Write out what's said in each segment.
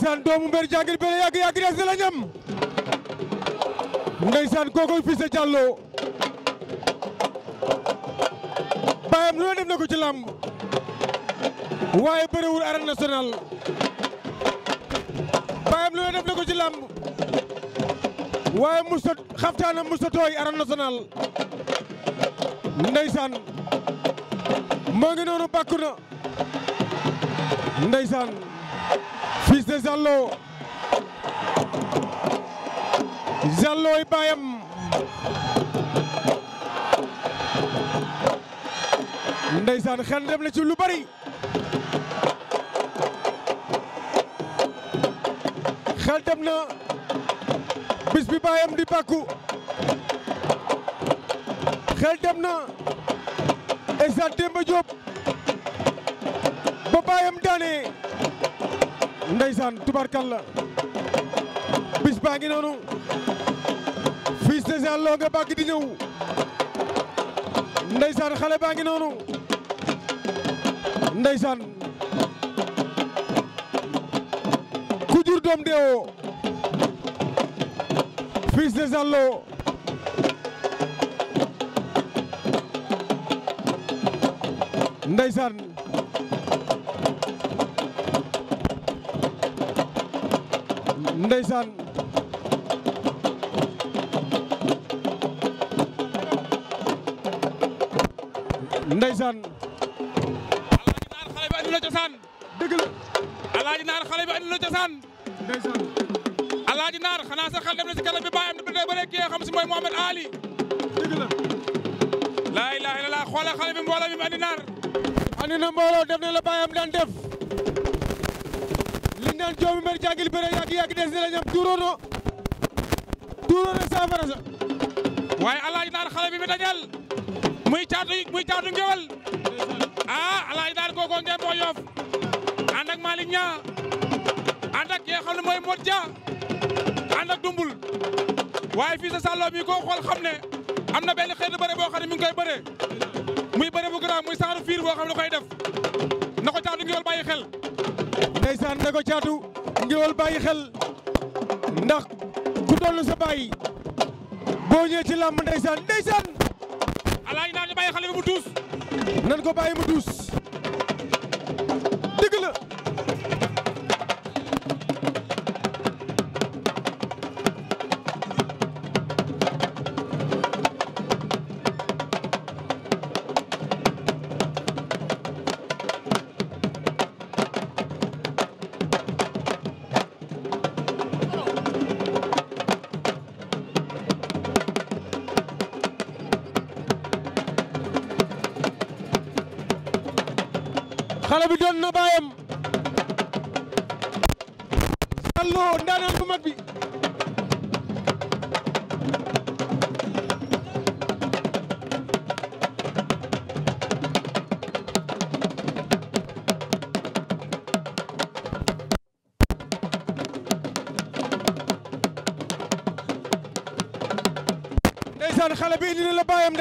ndeysaan doomu mbër jàngir bële yàgg yàgg des la ñam ndeysaan kookoy Fils Diallo baayam lu ne def na ko ci làmb waaye bëriwul arène nationale baayam lu ne def na ko ci làmb waaye musta xaftaanam musta tooy arène nationale ndeysaan moo ngi noonu bàkku Fils de baayam ndeysaan xel dem na ci lu bari xel dem na bis baayam di bàkku xel dem na Essa Demba Diop ba baayam daane ndeysaan tubarkalla bis baa ngi noonu Fils de Zal Lo nga bàgg di ñëw ndeysaan xale baa ngi noonu ndeysaan ku jur doom deewoo Fils de Zal Lo ndeysaan ndeysaan ndeysaan alaaji naar xale bi andi na cosaan dëgg la alaaji naar xale bi andi na cosaan ndeysaan alaaji naar xanaa sa xel dem na si kala bi baayam di dee bëre kii xam si mooy Mohamed Ali dëgg la laa ilaaha illallaah xoola xale bi mbooloo mi andi naar andi na mbooloo def na la baayam daan def naan joomi mbër jàngil bëre yàgg yàgg des na la ñam tuuroona tuuroona saafara sa waaye alaaji naar xale bi mi dajal muy caatu muy caatu ngewal ah alaaji naar kookoo ngeen moo yoof ànd ak Malick Niang ànd ak ki nga xam ne mooy Modja ànd ak Dumbul waaye fii sa sàlloo mi koo xool xam ne am na benn xeetu bëre boo xam ne mi ngi koy bëre muy bëre bu grand fiir boo xam ne koy def na ko caatu ngewal bàyyi xel ndeysaan ne ko caatu ngeewal bàyyi xel ndax ku tollu sa bàyyi boo ñëwee ci làmb ndeysaan ndeysaan alaaj naa ñu bàyyi xale bi mu duus nan ko bàyyi mu duus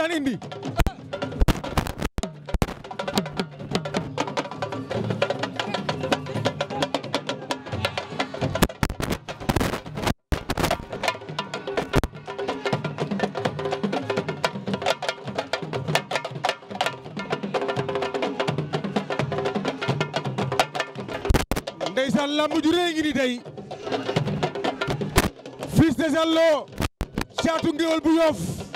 ngeen indi. ndeysaan lamb ju rëy ngi ni tey Fils de Zale Lo caatu ngéwél bu Yoff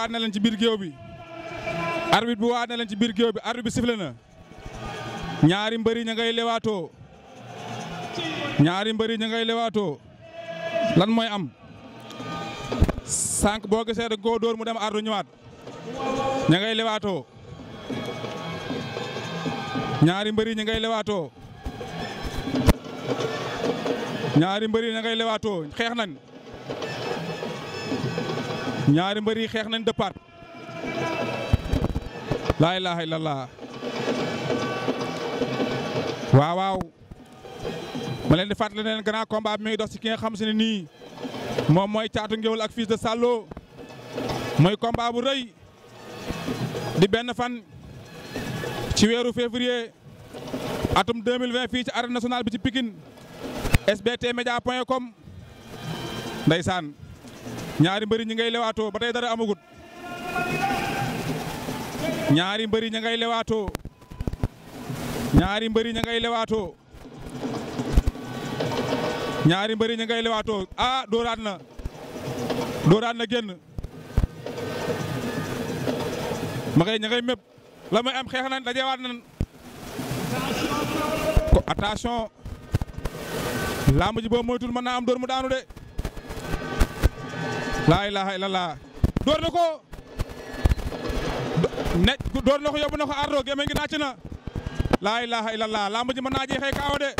waat na ci biir géew bi arbitre bi waat na ci biir géew bi arbitre bi sifle ñaari mbëri ña lewaatoo ñaari mbëri ña ngay lewaatoo lan mooy am sànq boo gisee rek koo mu dem ardu ñëwaat ña lewaatoo ñaari mbëri ña ngay lewaatoo ñaari mbëri ña ngay lewaatoo xeex nañ ñaari mbër yi xeex nañ départ laa ilaha illallah waaw waaw ma leen de fàttali ne leen grand combat bi dox ci ki nga xam si ne nii moom mooy caatu ngéwél ak fils de Sallo mooy combat bu rëy di benn fan ci weeru février atum 2020 fii ci arène nationale bi ci Pikine sbtmedia point comme ndeysaan ñaari mbëri ñi ngay lewaatoo ba tey dara amagut ñaari mbëri ña ngay lewaatoo ñaari mbëri ña ngay lewaatoo ñaari mbëri ña ngay lewaatoo ah na dooraat na génn ma ña ngay la may am xeex nañ dajewaat nañ ko attention làmb ji boo moytul mën naa am door mu daanu de laa ilaha illallah door na ko ne na ko yóbbu na ko ardo gémé ngi naacc laa ilaha illallah lamb ji mën naa jeexee kaaw de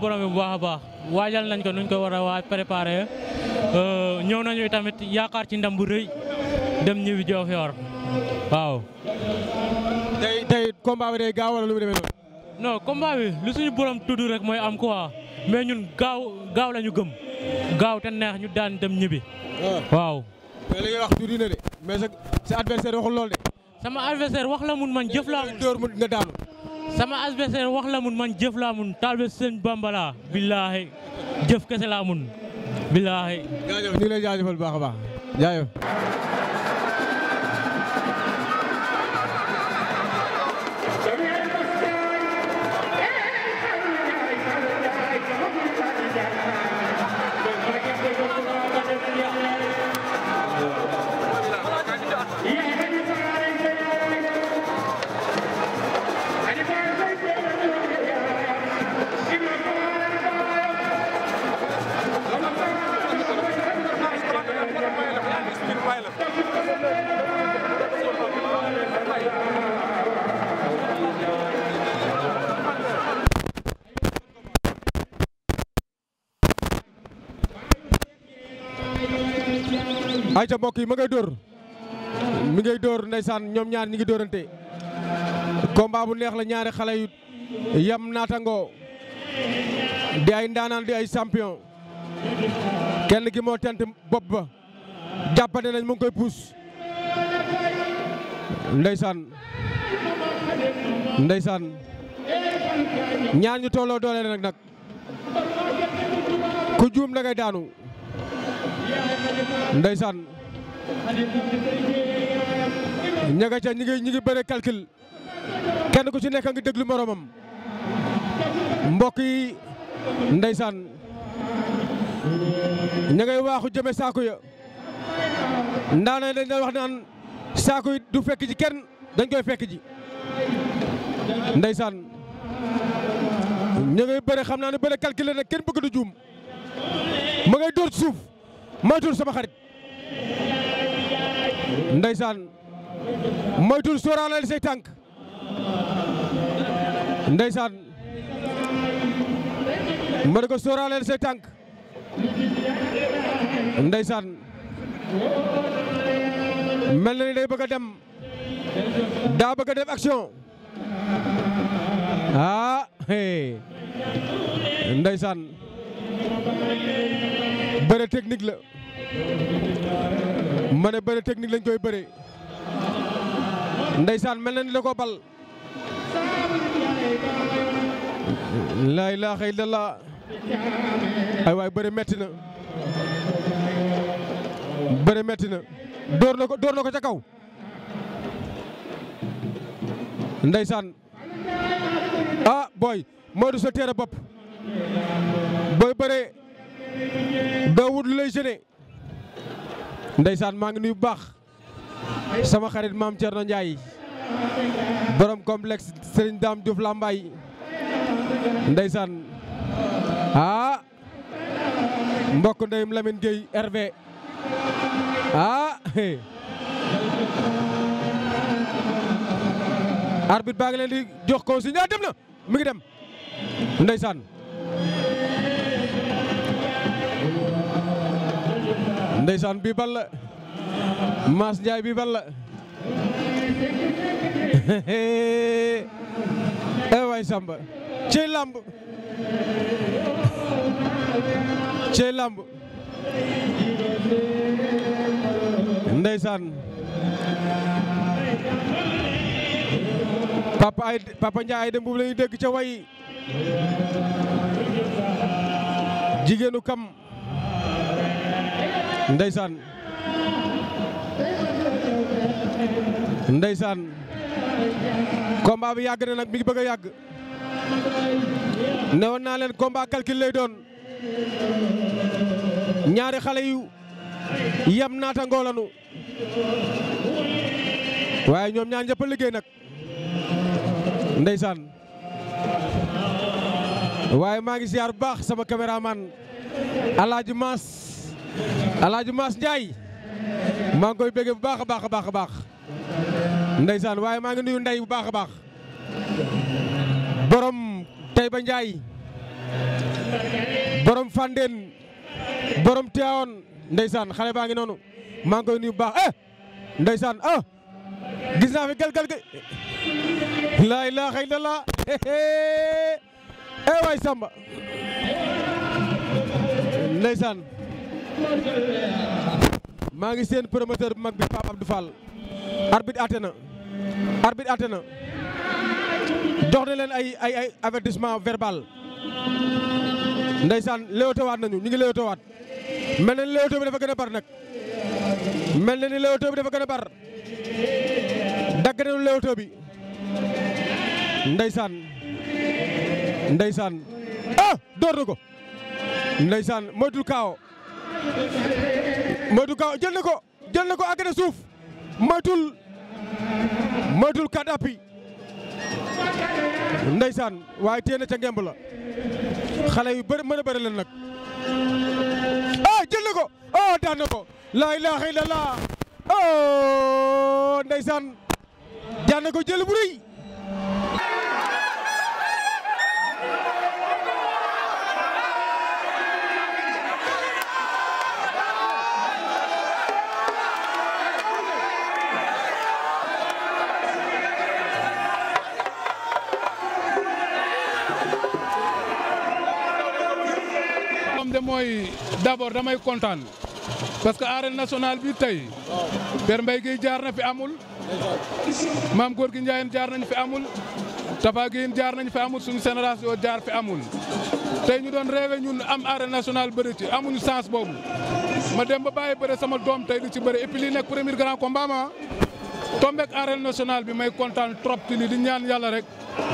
borom bi bu baax a baax waajal nañ ko nuñ ko war a waaj préparé euh, ñëw nañu tamit yaakaar ci ndam bu rëy dem ñibbi Joof Yoor waaw. tey tey combat bi day gaaw wala lu mu demee noonu. non combat lu suñu borom tudd rek mooy am quoi mais ñun gaaw gaaw la ñu gëm gaaw te neex ñu daan dem ñibbi. Ah. waaw. mais de mais sa adversaire waxul lool de. sama adversaire wax la mun man jëf laa. mu nga daanu. sama adversaire wax la mun man jëf laa mun taalibe sëñ Bamba laa billaahi jëf kese laa mun billaahi. jaajëf ñu ngi lay ayca mbokk yi ma ngay dóor mi ngay dóor ndeysaan ñoom ñaar ñi ngi dóorante combat bu neex la ñaari xale yu yam naatangoo di ay ndaanaan di ay champion kenn ki moo tent bopp ba jàppante nañ mu ngi koy puus ndeysaan ndeysaan ñaar ñu tolloo doole nag nag ku juum da ngay daanu ndeysaan ña nga ca ñi ngi ñi ngi bëre calcul kenn ku ci nekk a ngi déglu moroomam mbokk yi ndeysaan ña ngay waaxu jëme saako ya ndaanay dañ lay wax naan saako yi du fekk ji kenn dañ koy fekk ji ndeysaan ña ngay bëre xam naa ne bëre calculé nag kenn bëgg du juum mu ngay dóor ci suuf may tuur sama xarit ndeysaan moytul sóoraaleel say tànk ndeysaan mën nga sóoraaleel say tànk ndeysaan mel na ni day bëgg a dem daa bëgg dem action ah hey ndeysaan bëre technique la ma ne bëre technique lañ koy bëre ndeysaan mel na ni da ko bal laa ilaaha illallah ay waay bëre metti na bëre metti na dóor na ko dóor na ko ca kaw ndeysaan ah booy du sa teere bopp booy bëre doo wut lu lay gêner ndeysaan maa ngi nuyu bu baax sama xarit maam Thierno Ndiaye borom complexe Serigne Dame Diouf Lambaye ndeysaan ah mbokk ndeyum Lamine Gueye RV ah arbitre baa ngi leen di jox consigne ah, dem na mi ngi dem ndeysaan ndeysaan bi bal la Mass Ndiaye bi bal la eh, Samba cey lamb cey lamb ndeysaan papa ay papa Ndiaye ay dem bu lañuy dégg ca way jigéenu kam ndeysaan ndeysaan combat bi yàgg na nag mi ngi bëgg a yàgg newoon naa leen combat calcul lay doon ñaari xale yu yem naata ngoolanu waaye ñoom ñaar ñëpp liggéey nag ndeysaan waaye maa ngi ziar bu baax sama caméraman Alaaji Maas Alaaji Maas Ndiaye maa ngi koy béggee bu baax a baax a baax a baax ndeysaan waaye maa ngi nuyu ndey bu baax a baax borom Taïba njaay borom Fandène borom Thiawane ndeysaan xale baa ngi noonu maa ngi koy nuyu bu baax eh ndeysaan ah gis naa fi gal gal gal laa ilaaha illallah eh, eh, eh waay Samba ndeysaan maa ngi seen promoteur bu mag bi Pape Abdou Fall. arbitre àtte na arbitre àtte na jox na leen ay ay ay avertissement verbal ndeysaan léewtawaat nañu ñu ngi léewtawaat mel na ni léewtoo bi dafa gën a bar nag mel na ni léewtoo bi dafa gën a bar dagg nañu léewtoo bi ndeysaan ndeysaan ah door na ko ndeysaan moytul kaawo moytu gaaw jël na ko jël na ko àgg na suuf moytul moytul kat appi ndeysaan waaye téye na ca ngemb la xale yu bëri mën a bëri leen nag ah, jël na ko ah daan ko laa ilaaha illallaah oh ndeysaan daan ko jël bu am de mooy d'abord damay kontaan parce que arène national bi tey Père Mbaye jaar na fi amul maam góor gi Ndiaye jaar nañ fi amul Tafa Guèye jaar nañ fi amul suñu génération jaar fi amul tey ñu doon rêvé ñun am arène national bëri ci amuñu chance boobu ma dem ba bàyyi bëre sama doom tey di ci bëri et li lii nekk premier grand combat ma tombek arène national bi may kontaan trop ci di ñaan yàlla rek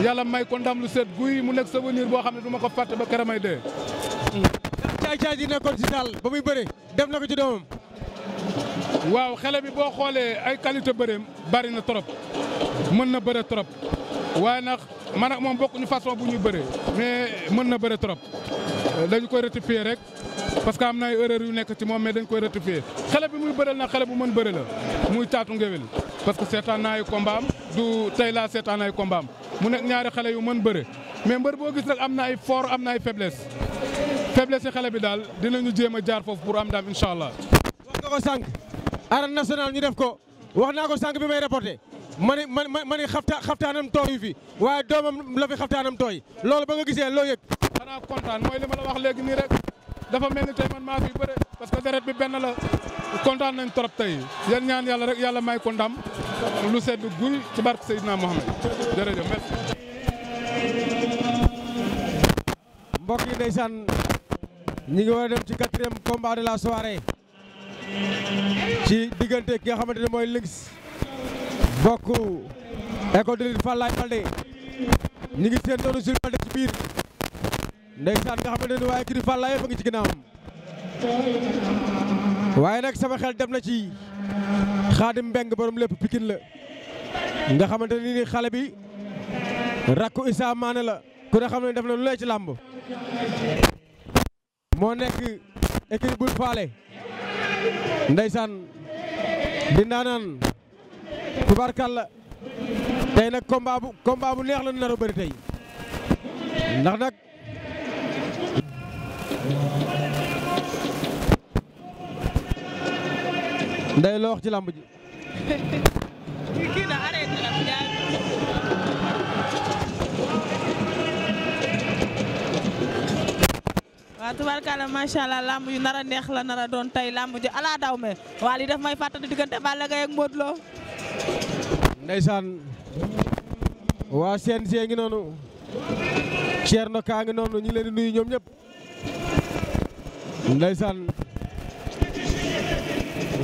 yàlla may ko ndam lu set guy mu nekk souvenir boo xam ne du ko fàtte ba keramay dee ay caaj yi nekkoon ci muy bëre def na ko ci doomam. waaw xale bi boo xoolee ay qualité bëreem bari na trop mën na bëre trop waaye nag man ak moom ñu façon bu ñu bëree mais mën na bëre trop euh, dañu koy rectifier rek parce que am na ay erreur yu nekk ci moom mais dañ koy rectifier xale bi muy bëreel nag xale bu mën bëre la muy taatu ngewel parce que seetaan naa ay combat am du tey seetaan ay combat mu nekk ñaari xale yu mën bëre mais mbër boo gis nag am na ay fort am na ay faiblesse. faiblesse xale bi daal dina jéem a jaar foofu pour am ndam incha allah. wax nga ko sànq arène nationale ñu def ko wax naa ko sànq bi may reporté ma ni ma ma ni xafta xaftaanam tooyu fi waaye doomam la fi xaftaanam tooy loolu ba nga gisee loo yëg. xanaa kontaan mooy li ma la wax léegi nii rek dafa mel ni tey man maa fi bëre parce que deret bi benn la kontaan nañ trop tey yan ñaan yàlla rek yàlla may ko ndam lu sedd guy ci barke Seydina Mohamed jërëjëf merci. mbokk yi ñu ngi war a dem ci quatrième combat de la soirée ci diggante ki nga xamante ni mooy Lynx bokk école de lutte Fallaye Baldé ngi seen doonu Jules Baldé ci biir ndeysaan nga xamante ne waaye kii di Fallaye a ngi ci ginnaawam waaye nag sama xel dem na ci Xaadim Mbeng borom lépp pikin la nga xamante ne ni xale bi rakku Issa Mané la ku ne xam ne def na lu lay ci làmb moo nekk équipe bul faale ndeysaan di ndaanaan la tey nag combat bu combat bu neex la nar a tey ndax nag nday loo wax ci làmb ji waaw tubaarkalla macha allah làmb yu nar a neex la nar a doon tey làmb ji ala daw waa lii daf may fàttali diggante Balla Gaye ak Modou Lo. ndeysaan waa CNG ngi noonu Thierno Ka ngi noonu ñu leen di nuyu ñoom ñëpp ndeysaan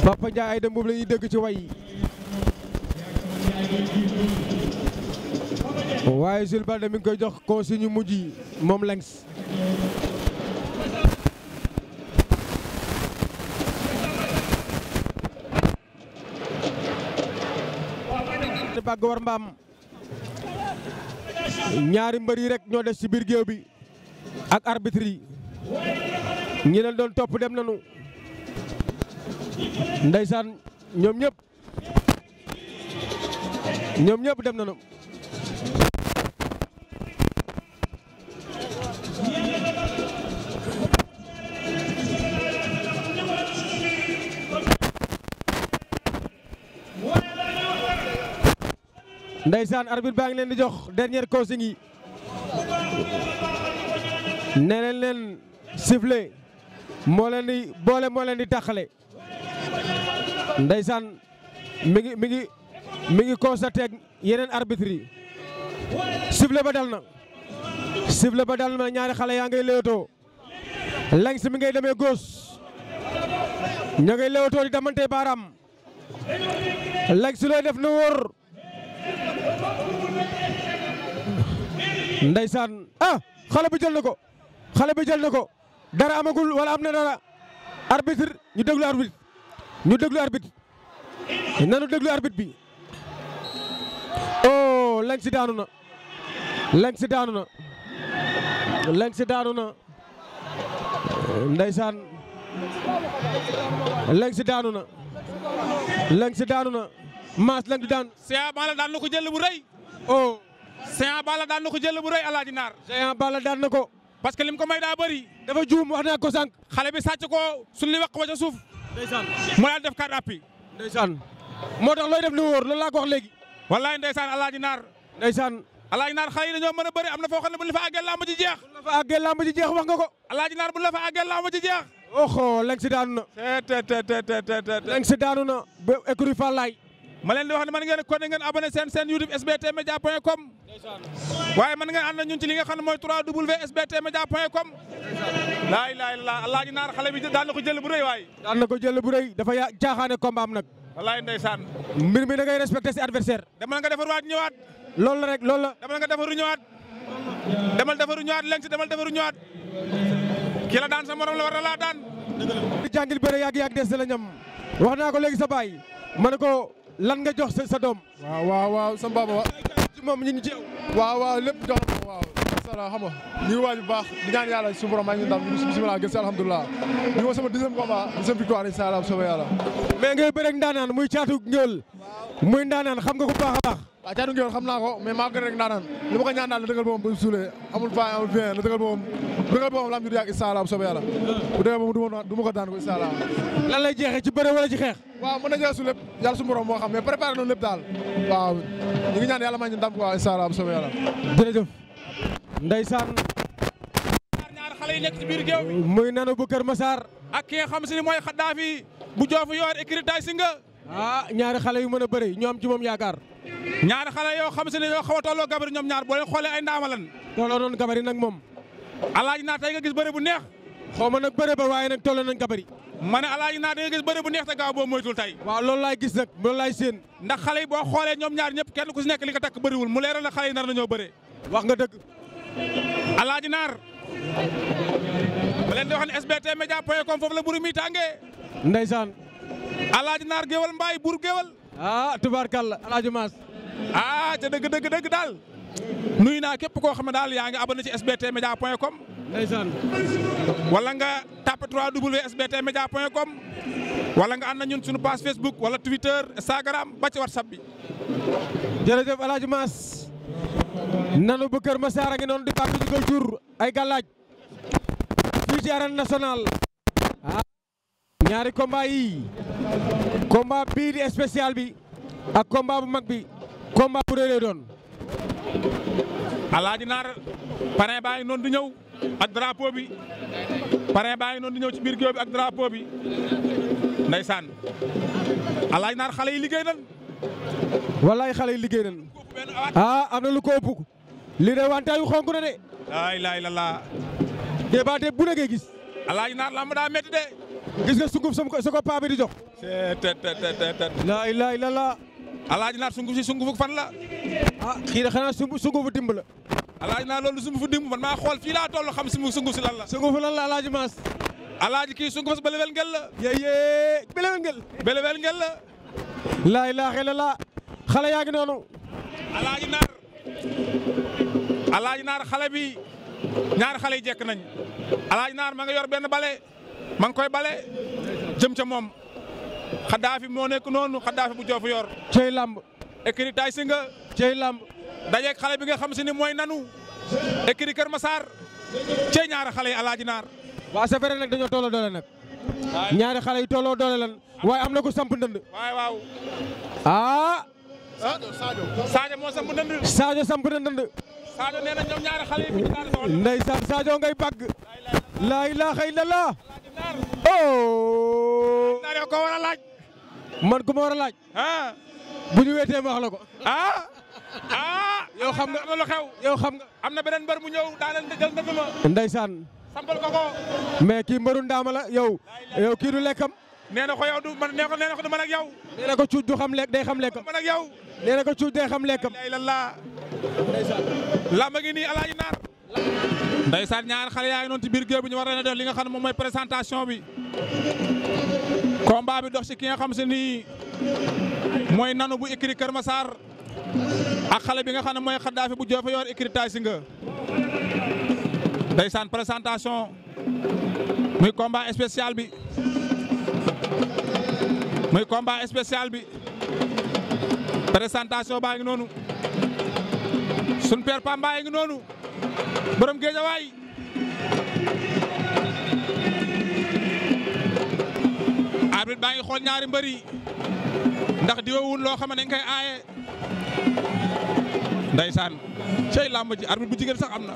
Papa ay dem boobu la ci way waaye Jules Baldé mi ngi koy jox consigne mujj yi moom lengs ñaari war mbaam ñaari mbër yi rek ñoo des ci biir géew bi ak arbitiri yi ñi doon topp dem nañu ndeysaan ñoom ñëpp ñoom ñëpp dem nañu ndeysaan arbitre baa ngi leen di jox dernière consigne yi nee leen leen sifflé moo leen di boole moo leen di tàqale ndeysaan mi ngi mi ngi mi ngi constaté ak yeneen arbitre yi sifflé ba dal na sifflé ba dal na ñaari xale yaa ngay léewtoo lang si mi ngay demee góos ña ngay léewtoo di damante baaraam lang si looy def na ndeysaan ah xale bi jël na ko xale bi jël na ko dara amagul am na dara arbitre ñu déglu arbitre ñu déglu arbitre nanu déglu arbitre bi oh leng daanu na leng si daanu na leng daanu na ndeysaan daanu na maas lañ di daan. Géant Balla daan na ko jël bu rëy. oh. Géant daan na ko jël bu rëy alaaji naar. Géant Balla daan na ko. parce que lim ko may daa bëri. dafa juum wax naa ko sànq. bi sàcc ko suñu li wax ko ca suuf. ndeysaan mu daan def carte d'appui. moo tax looy def lu wóor loolu laa ko wax léegi. wallaay ndeysaan alaaji naar. ndeysaan. alaaji naar xale yi dañoo mën a bëri am na foo xam ne bu la fa àggee làmb ji jeex. bu la fa ko. alaaji naar bu la fa àggee làmb ji jeex. oxo leng si daanu na. te te leng si daanu na ba écurie Fallaye ma leen di wax ne man ngeen kon ngeen abonné seen seen youtube sbt media point com waaye man ngeen ànd ñun ci li nga xam ne mooy 3w sbt media point com laay laay la allah ji naar xale bi daan na ko jël bu rëy waay daan na ko jël bu rëy dafa yaa jaaxaane combat am nag wallaay ndeysaan mbir mi da ngay respecté si adversaire demal nga defar waat ñëwaat loolu la rek loolu la demal nga defaru ñëwaat demal defaru ñëwaat leng si demal defaru ñëwaat kii la daan sa morom la war laa daan jàngil bëre yàgg yàgg des la ñam wax naa ko léegi sa baay ma ne lan nga jox sa sa doom. waaw waaw waaw sama baba wa. moom ñu ngi waaw waaw lépp jox ko waaw. macha xam nga ñu ngi waaj baax di ñaan yàlla suñu borom maa ngi ndam bisimilah gëstu alhamdulilah. ñu ngi sama deuxième combat deuxième victoire incha allah soobee yàlla. ngay bëreeg ndaanaan muy caatu ngéwël. muy ndaanaan xam nga ko baax a baax. waaw caatu ngeewal xam naa ko mais maa gën rek ndaanaan li ma ko ñaan daal na dëggal boppam bu suulee amul fay amul fien na dëggal boppam dëggal bu soobee yàlla bu dëggal boppam ko daan ko incha allah lan lay jeexee ci bëre wala ci xeex waaw mën na jeex su lépp yàlla su borom moo xam mais préparé noonu lépp daal waaw ñu ngi ñaan yàlla may ñu ndam quoi incha allah bu soobee yàlla jërëjëf ndeysaan ñaar xale yi muy nanu bu Kër Massar ak xam si ni mooy xaddaafi bu joofu yor écrit tay ah ñaari xale yu mën a bëri ñoom am ci moom yaakaar ñaari xale yoo xam si ne ñoo xaw a tolloo gabari ñoom ñaar boo leen xoolee ay ndaama lan tolloo noonu gabari nag moom alaaji naa tey nga gis bëri bu neex xaw ma nag bëri ba waaye nag tolloo nañ gabari ma ne alaaji naa da nga gis bëri bu neex te gaaw boo moytul tey waaw loolu laay gis nag loolu laay séen ndax xale yi boo xoolee ñoom ñaar ñëpp kenn ku si nekk li nga takk bëriwul mu leeral na xale yi nar nga dëgg alaaji naar ma wax ne sbt média point com foofu la mburu mi tàngee ndeysaan alaaji naar géwal mbaay buur géwal ah tubaarkàlla alaaji maas ah ca dëgg dëgg dëgg daal nuyu naa képp koo xam ne daal yaa ngi abonné ci sbt média point com ndeysaan wala nga tapé 3w sbt média point com wala nga ànd na ñun suñu page facebook wala twitter instagram ba ci whatsapp bi jërëjëf alaaji maas nanu bu Kër Massar a ngi noonu di bàgg ñu koy jur ay gàllaaj fii ci arène nationale ñaari combat yi combat bii bi ak combat bu mag bi combat bu réeré doon. alaaji naar parrain baa ngi noonu di ñëw ak drapeau bi parrain baa ngi noonu di ñëw ci biir géew bi ak drapeau bi ndeysaan alaaji naar xale yi liggéey nan wallaay xale yi liggéey nan ah am na lu ko ëpp li de xonk na de. ay laay la bu ne gis. alaaji naar lamb daa métti de. gis nga sunguf su ko paa bi laa ilaaha illallaah. alaaji naat sunguf si sungufu fan la. ah xii na xanaa sungufu dimb la. alaaji naa loolu sungufu dimb man maa xool fii laa toll xam si sunguf si lan la. sungufu lan maas. alaaji kii sunguf si belewel ngel la. yeyee belewel ngel. belewel ngel la. laa ilaaha illallaah. xale yaa ngi noonu. alaaji naar. alaaji naar xale bi xale yi jekk nañ alaaji naar ma nga yor benn bale. ma ngi koy bale jëm ca moom xadaafi moo nekk noonu xadaafi bu joofu yor. cey lamb. écurie Tay Shinga. cey lamb. dajeeg xale bi nga xam si ni mooy nanu. écurie Kër Massar. cey ñaari xale yi alaaji naar. waa sa fere nag dañoo tolloo doole nag. ñaari xale yi tolloo doole lan. waaye am na ko samp ndënd. waaw ah. moo samp ndënd. Sadio samp na ndënd. Sadio nee na ñoom ñaari xale yi. ndeysaan Sadio ngay bàgg. laa ilaaha illallaah. oh. naa a laaj. man ma war a laaj. bu ñu weetee ma wax la ko. ah. ah. yow xam nga am na lu xew. xam nga am na beneen mbër mu ñëw daaneel jël ndënd ma. ndeysaan. sambal ko ko. mais kii mbëru ndaama la yow. yow kii du lekkam. nee na ko yow du man nee man ak yow. nee na ko cuuj du xam day xam lekkam. man ak yow. nee na ko cuuj day xam lekkam. la ngi nii alaaji naar. ndeysaan ñaari xale yaa ngi noonu ci biir géew bi ñu war a li nga xam mooy présentation bi combat bi dox ci ki nga xam se ni mooy nanu bu écrit Kër Massar ak xale bi nga xam ne mooy xaddaafi bu joofe yor écrit tay présentation muy combat spécial bi muy combat spécial bi présentation baa ngi noonu sun père Pamba ngi noonu borom géejawaay arbitre baa ngi xool ñaari mbër yi ndax diwewul loo xam ne dañ koy aaye ndaysaan cey làmb ji arbitre bu jigéen sax am na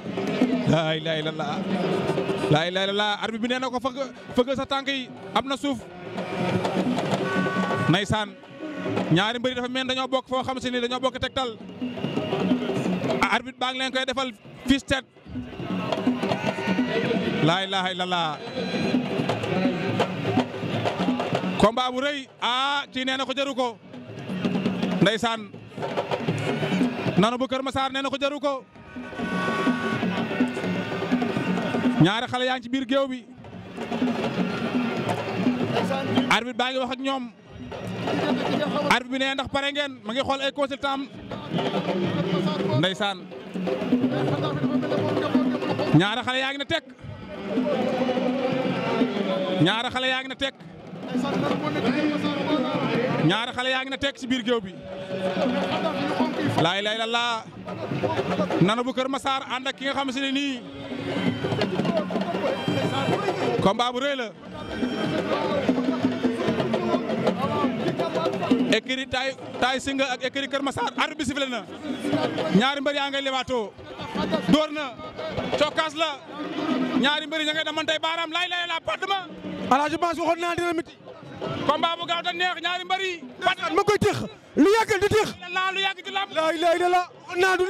laa ilaaha illallaah laa ilaaha illallaah arbitre bi nee na ko fëgg fëgg sa tànk yi am na suuf naysaan ñaari mbër yi dafa dañoo bokk foo xam si ni dañoo bokk tegtal Ah, arbitre baa ngi leen koy defal fistet laa ilaaha illallah combat bu rëy aa ah, kii nee na ko jaru ko ndeysaan nanu bu Kër Massar nee na ko jaru ko ñaari xale yaa ngi ci biir géew bi arbit baa ngi wax ak ñoom arbitre bi ne ndax pare ngeen ma ngi xool ay consultant am ndeysaan ñaara xale yaa ngi na tekk ñaara xale yaa ngi na tekk ñaara xale yaa na tekk ci biir géew bi laay lay la laa nana bu Kër Massar ànd ak ki nga xam si ne nii combat bu rëy la écurie Tay Tay Singa ak écurie Kër Massar arbitre bi sifflé na ñaari mbër yaa ngay lewaatoo door na cokkaas la ñaari mbër yi ña ngay damantay baaraam laay laay la pat ma alaaji baas waxoon naa dina miti combat bu gaaw te neex ñaari mbër yi ma koy tex lu yàgg di tex lu yàgg ci lamb la ilaha illallah naa du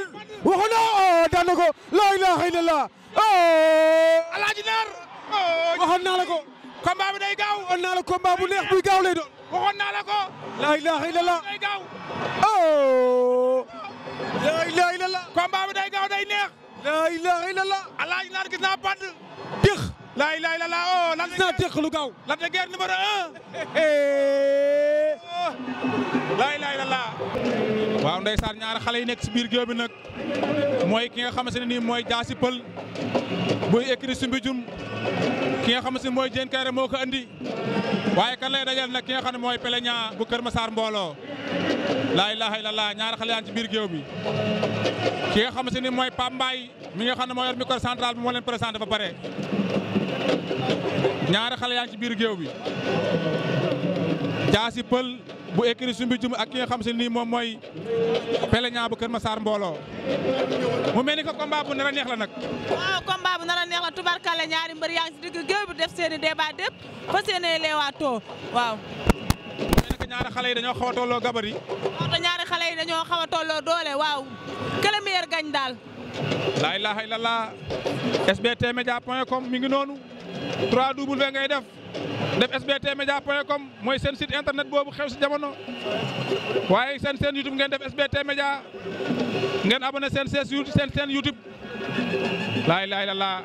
waxoon naa oh, daan na ko la ilaha illallah oh. alaaji naar oh. waxoon naa la ko combat bi day gaaw. waxoon la combat bu neex buy gaaw lay doon. waxoon naa la ko. laa ilaaha illallah. day oh. laa ilaaha illallah. combat bi day gaaw day neex. laa ilaaha illallah. alaaji naar oh, gis naa pàdd. dex. laa ilaaha illallah oh. lan naa dex lu gaaw. la de guerre numéro un. laa ilaaha illallaah waaw ndeysaan ñaari xale yi nekk ci biir géew bi nag mooy ki nga xamante ne nii mooy jaasi pël buy écrit sumbi jum ki nga xamante ne mooy jën kayre moo ko andi waaye kan lay dajal nag ki nga xam ne mooy peleña bu Kër Massar mbooloo laa ilaaha illallaah ñaari xale yaan ci biir géew bi ki nga xamante ni mooy Pape Mbaye mi nga xam ne moo yor micro central bi moo leen présenté ba pare ñaari xale yaa ci biir géew bi jaasi pël bu écri sumbi ak ki nga xam si nii moom mooy ñaa bu Kër ma saar mbooloo mu mel ni que combat bu nar a neex la nag waaw combat bu nar a neex la tubarkalla ñaari mbër yaa ngi si digg géew bi def seeni débat dépp fa seene leewaatoo waaw mu mel ni ñaari xale yi dañoo xaw a tolloo gabar yi ñaari xale yi dañoo xaw a tolloo doole waaw que le meilleur gagne daal laa ilaaha illallah sbt media point com mi ngi noonu 3 double ngay def def sbtmedia.com mooy seen site internet boobu xew si jamono waaye seen seen YouTube ngeen def SBT Media ngeen abonné seen seen seen YouTube laay laay la laa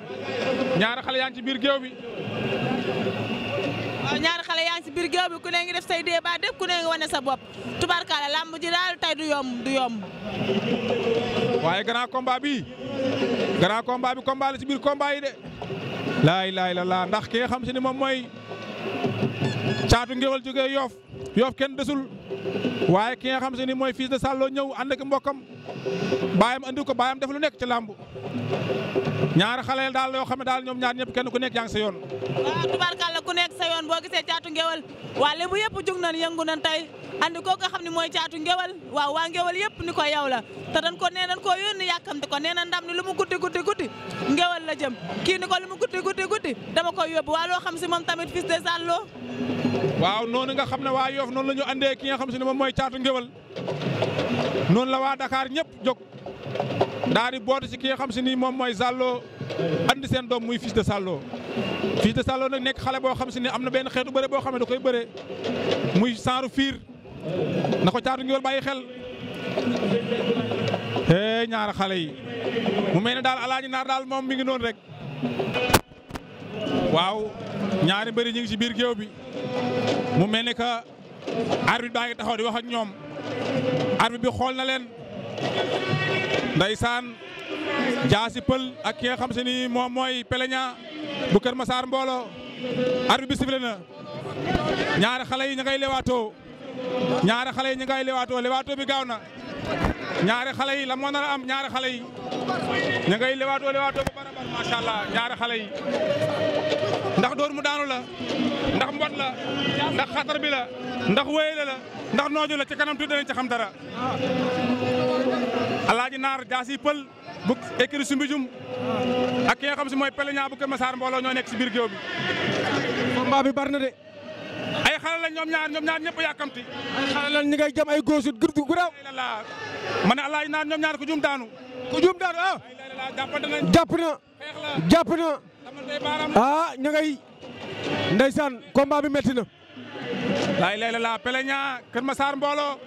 ñaari xale yaa ngi ci biir géew bi. waaw ñaari xale yaa ngi si biir géew bi ku ne ngi def say débat def ku ne ngi wane sa bopp tubarkaale làmb ji daal tey du yomb du yomb. waaye ganaa combat bi ganaa combat bi combat si biir combat yi de. laay laay la ndax ki nga xam si ni moom mooy caatu ngéwal jógee yoof yoof kenn desul waaye ki nga xam si ne mooy fils de Sallo ñëw ànd ak mbokkam. baayam andi ko baayam def lu nekk ci làmb ñaari xale daal yoo xam ne daal ñoom ñaar ñëpp kenn ku nekk yaa sa yoon. waaw tubaarkàlla ku sa yoon boo gisee caatu ngewal waa lébu yëpp jug nañ yëngu nañ tey andi ko nga xam ne mooy caatu ngewal waaw waa ngewal yëpp ni ko yow la te dañ ko nee nañ koo yónni yàkkamti ko nee na ndam ni lu mu guddi guddi guddi ngewal la jëm kii ni ko lu mu guddi guddi guddi dama koy yóbbu waa loo xam si moom tamit fils de Zallo. waaw noonu nga xam ne waa Yoff noonu la ñu andee xam si moom mooy caatu noonu la waa dakaar ñépp jog daal di si ci ki nga xam si ni moom mooy Zallo andi seen doom muy fils de Zallo fils de sallo nag nekk xale boo xam si ni am na benn xeetu bëre boo xam ne da koy bëre muy saaru fiir na ko caatu ngi war bàyyi xel ee ñaar xale yi mu mel ne daal alaaji naar daal moom mi ngi noonu rek waaw ñaari mbëri ñu ngi ci biir géew bi mu mel ka arbitre baa ngi taxaw di wax ak ñoom arbitre bi xool na leen ndeysaan jaasi pël ak ki nga xam se ni moom mooy peleña bu Kër Masaar mbooloo ar bi sifle na ñaari xale yi ña ngay ñaari xale yi ñu ngay lewaatoo lewaatoo bi gaaw na ñaari xale yi la moo a am ñaari xale yi ñu ngay lewaatoo lewaatoo bu barabar macha ñaari xale yi ndax dóor mu daanu la ndax mbot la ndax xatar bi la ndax wéyale la ndax nooju la ci kanam tuuti nañ ci xam dara alaaji naar jaasi pël bu écri sumbi jum ak ki xam si mooy peleñaa bu Kër Masaar mbooloo ñoo nekk si biir géew bi combat de ay xale la ñoom ñaar ñoom ñaar ñëpp a yàkkamti. ay xale la ay góosut guddi gu raw. ma ne allah naan ñoom ñaar ku jum daanu. ku jum daanu ah. ah ñu ngay ndeysaan combat bi métti na. laay lay la laa Peleña Kër Massar mbooloo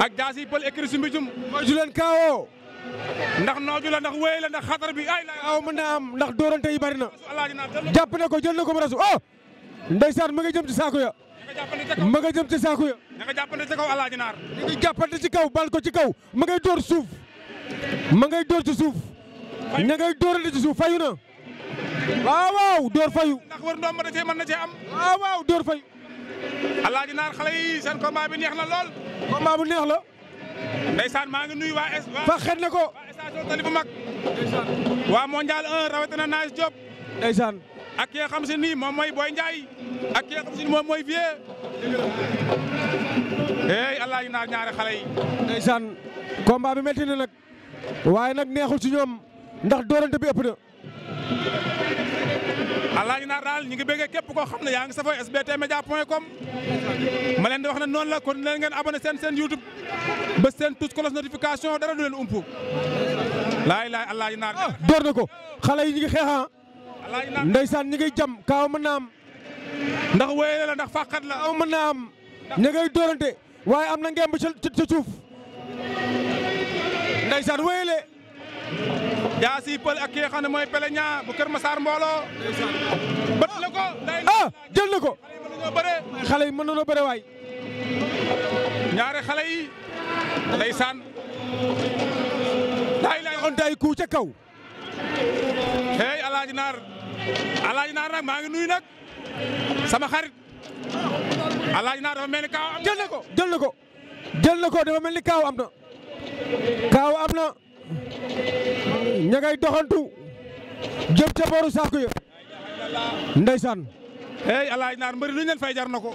ak jaas yi pël écrit si mbijum mooy ju ndax nooju la ndax wéy la ndax xatar bi ay la aw mën am ndax dóorante yi bari na jàpp na ko jël na ko mu rasu oh ndeysaan ma nga jëm ci saako ya ma nga jëm ci saako ya ma nga jàppante ci kaw alaaji naar ma nga ci kaw bal ko ci kaw ma ngay dóor suuf ma ngay dóor ci suuf ña ngay dóorante ci suuf fayu na waaw waaw fayu ndax wër ndoom ma da na cee am waaw dóor fayu naar xale yi bi neex na lool combat bu neex la ndeysaan maa ngi nuyu na ko waa station tali bu mag waa ndeysaan ak ki nga xam si nii moom mooy Boy njaay ak ki nga xam si nii moom mooy Vieux hey allah naar ñaari xale yi ndeysaan combat bi metti nag waaye nag neexul ci ñoom ndax doorante bi ëpp na alaaji naar daal ñi ngi bëggee képp koo xam ne yaa ngi safoo sbt media point com ma leen di wax ne noonu la kon leen ngeen abonné seen seen youtube ba seen tous cloche notification dara du leen umpu laay laay alaaji naar ah, door ko xale yi ñi ndeysaan ñi ngay jam kaaw mën naa am ndax wéyale la ndax fàqat la aw mën naa am waaye am na ngemb ca suuf ndeysaan wéyale jaasi pël ak ki nga xam ne mooy pele ñaa bu Kër Masaar mbooloo bët na ko ah jël na ko xale yi mën nañoo bëre waay ñaari xale yi ndeysaan day lay xonte ay ku ca kaw hey alaaji naar alaaji naar nag maa ngi nuyu nag sama xarit alaaji naar dafa mel ni kaaw am jël na ko jël na ko jël na dafa mel ni kaaw am na kaaw am na ña ngay doxantu jëm ca booru saako ya ndeysaan hey alaaji naar mbëri lu ñu fay jar na ko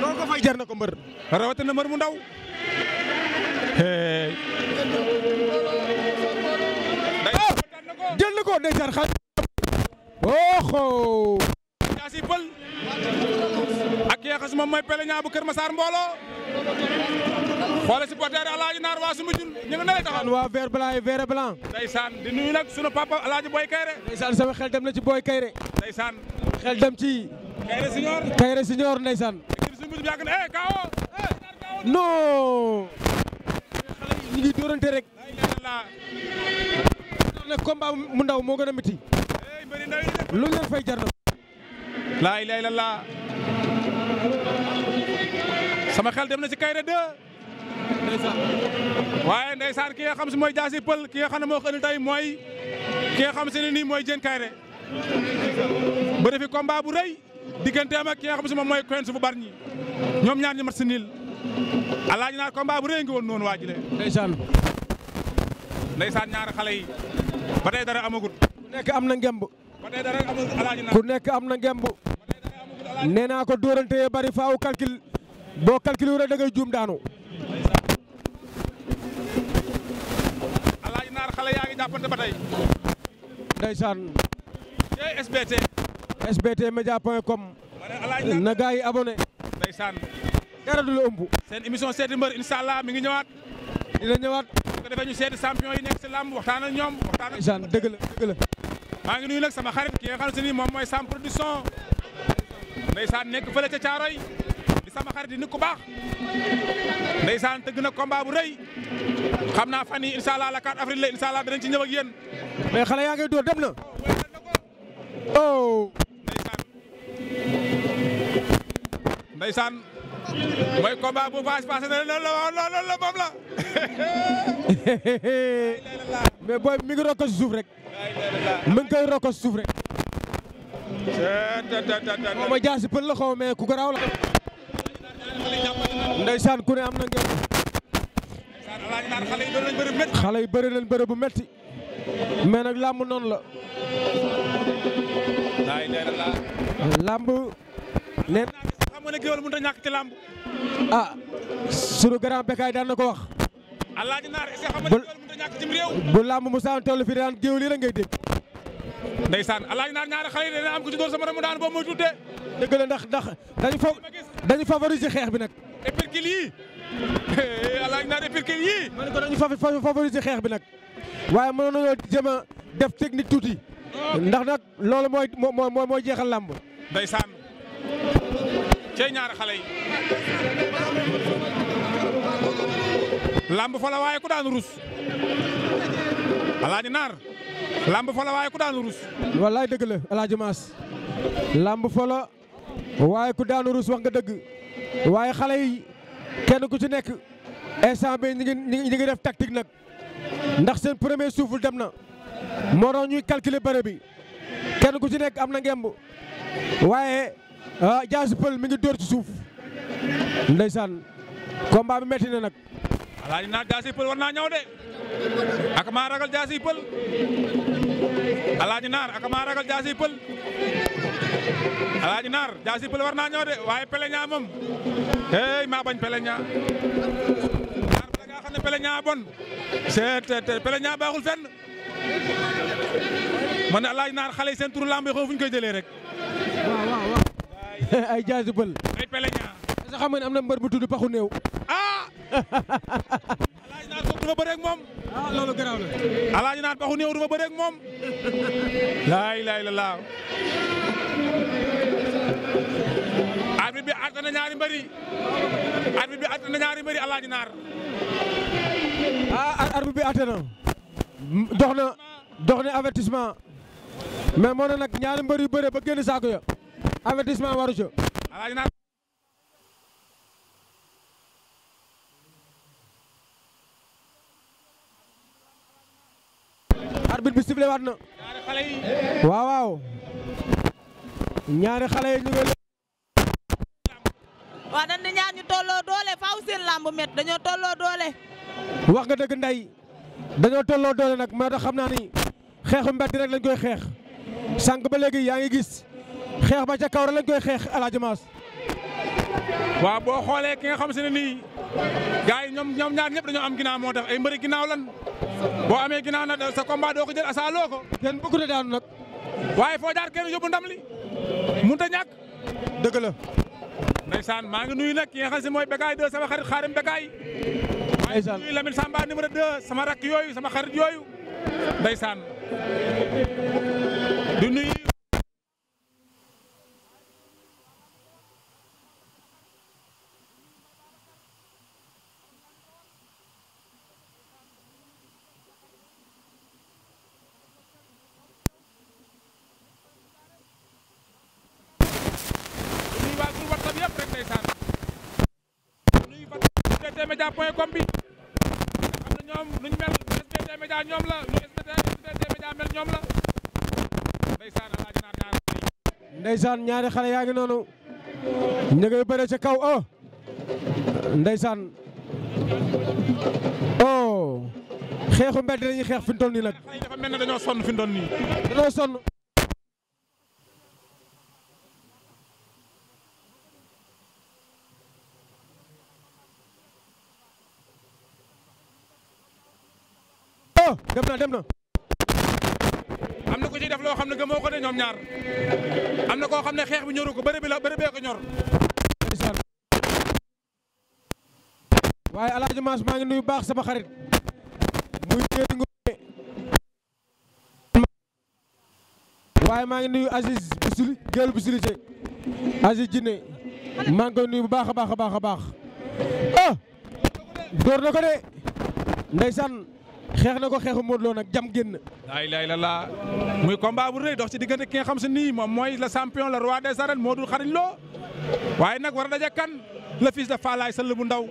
loo ko na ko mbër rawatina mu ndaw hey ah! jël na ko ndeysaan xaalis oho jaasi pël ak yeexa suma may pele ñaa bu Kër Massar mbooloo xoole supporter alaaji naar waa suma jul ñu ngi nale taxaw waa vert blanc et vert blanc ndeysaan di nuyu nag sunu papa alaaji Boy Kayre ndeysaan sama xel dem na ci Boy Kayre ndeysaan xel dem ci Kayre Senior Kayre Senior ndeysaan suñu bis kaawo non ñu ngi rek ne combat mu ndaw moo gën a métti lu leen fay jar na laa ilaaha illallaah sama xel dem na ci Kayre 2 waaye ndeysaan ki nga xam si mooy jaasi pël ki nga xam ne moo ko indi tey mooy ki nga xam si ne nii mooy Diène Kayre ba defi combat bu rëy digganteem ak ki nga xam si moom mooy Quench bu bari ñi ñoom ñaar ñu mat si niil alaaji naar combat bu rëy ngi woon noonu waa ji le ndeysaan ndeysaan ñaari xale yi ba tey dara amagut nekk am na ngemb nekk am na ngemb nee naa ko dóorante boo calculé rek da ngay juum daanu. alaaji naar xale yaa ngi SBT. SBT media point com. na gaa yi abonné. ndeysaan. dara la ëmb. seen émission seeti mbër mi ngi ñëwaat. dina ñëwaat. su ko defee ñu seeti champion yi nekk si làmb waxtaan ñoom waxtaan ak Jean maa ngi nuyu nag sama xarit ki nga xam se ni moom mooy Sam Production ndeysaan nekk fële ca Caaroy di sama xarit yi nit ku baax ndeysaan tëgg na combat bu rëy xam naa fan yi incha allah la 4 avril la incha allah ci ñëw ak yéen mais xale yaa ngay door dem na oh, oh. ndeysaan ndeysaan mooy combat bu faas passé na loolu la waaw loolu la moom la. mais booy mi ngi rokko suuf rek. mi ngi koy rokko suuf rek. xaw ma jaasi pël la xaw mais ku garaaw la. ndeysaan ku ne am na ngeen. xale yi bëri nañ bëri bu metti mais nag làmb noonu la. làmb nee moo ne géwél mënut a ñàkk ci làmb. ah sunu daan na ko wax. alaaji naar est-ce que a bu làmb mu saan toll fi daan géwél yi la ngay dégg. ndeysaan alaaji naar ñaari xale yi dina am ko ci door sama ramu daan boobu mooy tuddee. dëgg la ndax ndax dañu fa dañu favoriser xeex bi nag. épercule yii eh, alaaji naar épercule yii. ma ne ko dañu favoriser xeex bi nag waaye mënoon nañoo jëm a def technique tuuti. ndax nag loolu mooy moo moo mooy jeexal làmb. ndeysaan. cey ñaari xale yi lamb fa la waaye ku daan rus alaaji naar lamb fa la waaye ku daan wallaay dëgg la alaaji maas lamb fa waaye ku daan rus wax nga dëgg waaye xale yi kenn ku ci nekk instant ñi ngi def tactique nag ndax seen premier souffle dem na moo ñuy calculer bëre bi kenn ku ci nekk am na ngemb waaye ah Diassy Peulh mi ngi ci suuf ndeysaan combat bi metti na nag. alaaji naa Diassy Peulh war naa ñëw de ak maa ragal Diassy Peulh alaaji naar ak maa ragal Diassy Peulh naar Diassy Peulh war naa ñëw de waaye peleña moom hey maa bañ peleña naar bala nga xam peleña bon c'est peleña baaxul fenn man alaaji naar xale yi seen turu lamb yi xaw koy jëlee rek ay jaasi bël ay peleña xam nga ne am na mbër bu tudd paxu néew ah alaaji naan du fa bëreeg moom ah loolu garaaw la alaaji naan moom laa ilaaha illallaah arbitre bi na ñaari mbëri arbitre bi àtte na ñaari mbëri alaaji naar ah arbitre bi na dox na dox na avertissement nag ñaari mbër yu bëre ba génn saako ya avertissement waru ca arbitre bi sifflé waat na waaw waaw ñaari xale yi ñu ngi waaw dañ di ñaar ñu tolloo doole faaw seen làmb met dañoo tolloo doole wax nga dëgg ndey dañoo tolloo doole nag moo tax xam naa ni xeexu mbedd rek lañ koy xeex sànq ba léegi yaa ngi gis xeex ba ca kaw rek lañ koy xeex Alaaji Maas waaw boo xoolee ki nga xam si ne nii gars ñoom ñoom ñaar ñëpp dañoo am ginnaaw moo tax ay mbëri ginnaaw lan boo amee ginnaaw nag sa combat doo ko jël asaaloo ko. kenn bëggu na daanu nag. waaye foo jaar kenn yóbbu ndam li mun ta ñàkk. dëgg la. ndeysaan maa ngi nuyu nag ki nga xam si mooy Bécaye 2 sama xarit xaarim Bécaye. ndeysaan maa ngi nuyu Lamine Samba yooyu sama xarit yooyu ndeysaan du nuyu. media point com bi ndeysaan ñaari xale ndeysaan ñaari xale yaa ngi noonu ñu ngay bëre ca kaw oh ndeysaan oh xeexu mbedd lañuy xeex fi nii nag dañoo sonn fi nii dañoo sonn oh dem na dem na. am na ku ciy def loo xam ne gëmoo ko de ñoom ñaar am na koo xam ne xeex bi ñoru ko bëre bi la bëre bee ko ñor. waaye El Hadj Mass maa ngi nuyu baax sama xarit muy Thierry Ngoné waaye maa ngi nuyu Aziz Bisili Géel Bisili Cek Aziz Jinne maa ngi koy nuyu bu baax a baax a baax a baax ah door na ko de ndeysaan xeex na ko xeexu Modou Lo nag jam génn. laay laay la laa muy combat bu rëy dox ci diggante ki xam si nii moom mooy le champion le roi des arènes Modou xarañ Lo waaye nag war a daje kan le fils de Falaye sëll bu ndaw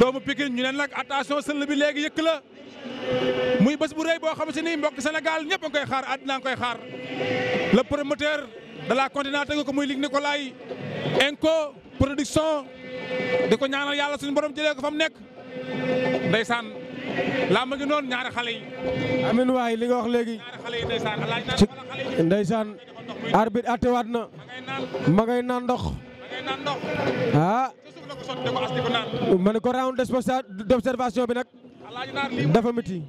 doomu Pikine ñu ne nag attention sëll bi léegi yëkk la muy bés bu rëy boo xam si nii mbokk Sénégal ñëpp a koy xaar àddina ngi koy xaar le promoteur de la continent tegu ko muy Luc Nicolaï Enco production di ko ñaanal yàlla suñu borom jëlee ko fa mu nekk ndeysaan. làmb gi noonu ñaari xale yi. amin waay li nga wax léegi. ndeysaan arbitre attewaat na. ma ngay naan ndox. ah. ma ne ko round d'observation bi nag. dafa miti.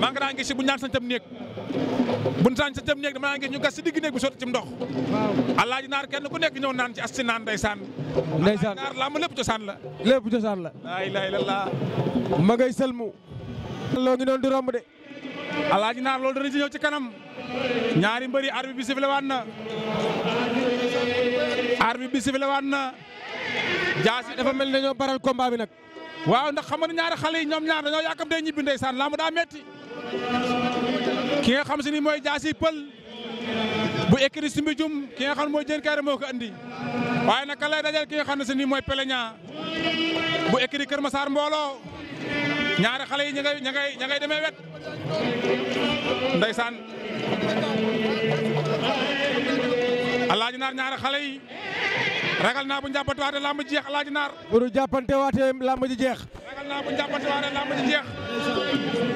ma ngi daan gis si bu ñaan sañ tam néeg bu ñu saan sañ tam néeg dama daan gis ñu gas si digg néeg bi sotti ci ndox. waaw naar kenn ku nekk ñëw naan ci as si naan ndeysaan. ndeysaan alaaji naar lépp cosaan la. lépp cosaan la. la ilaha illallah. loo ngi doon di romb de. alaaji naar loolu dana ci ñëw ci kanam ñaari mbëri arbitre bi sifflé waat na arbitre bi sifflé waat na jaasi dafa mel ne dañoo baral combat bi nag. waaw ndax xam nga ñaari xale yi ñoom ñaar dañoo yàkkamtee ñibbi ndeysaan laamu daa metti ki nga xam si ni mooy jaasi pël bu écrit si mbijum ki nga xam ne mooy jën kayre moo ko andi waaye nag kan lay dajal xam ne si ni mooy peleña bu écrit Kër Massar mbooloo ñaari xale yi ña ngay ña ngay ña ngay demee wet ndeysaan alaaji naar ñaari xale yi ragal naa bu ñu jàppante waatee làmb ji jeex alaaji naar. bu ñu jàppante waatee làmb ji jeex. ragal naa bu ñu jàppante waatee làmb ji jeex.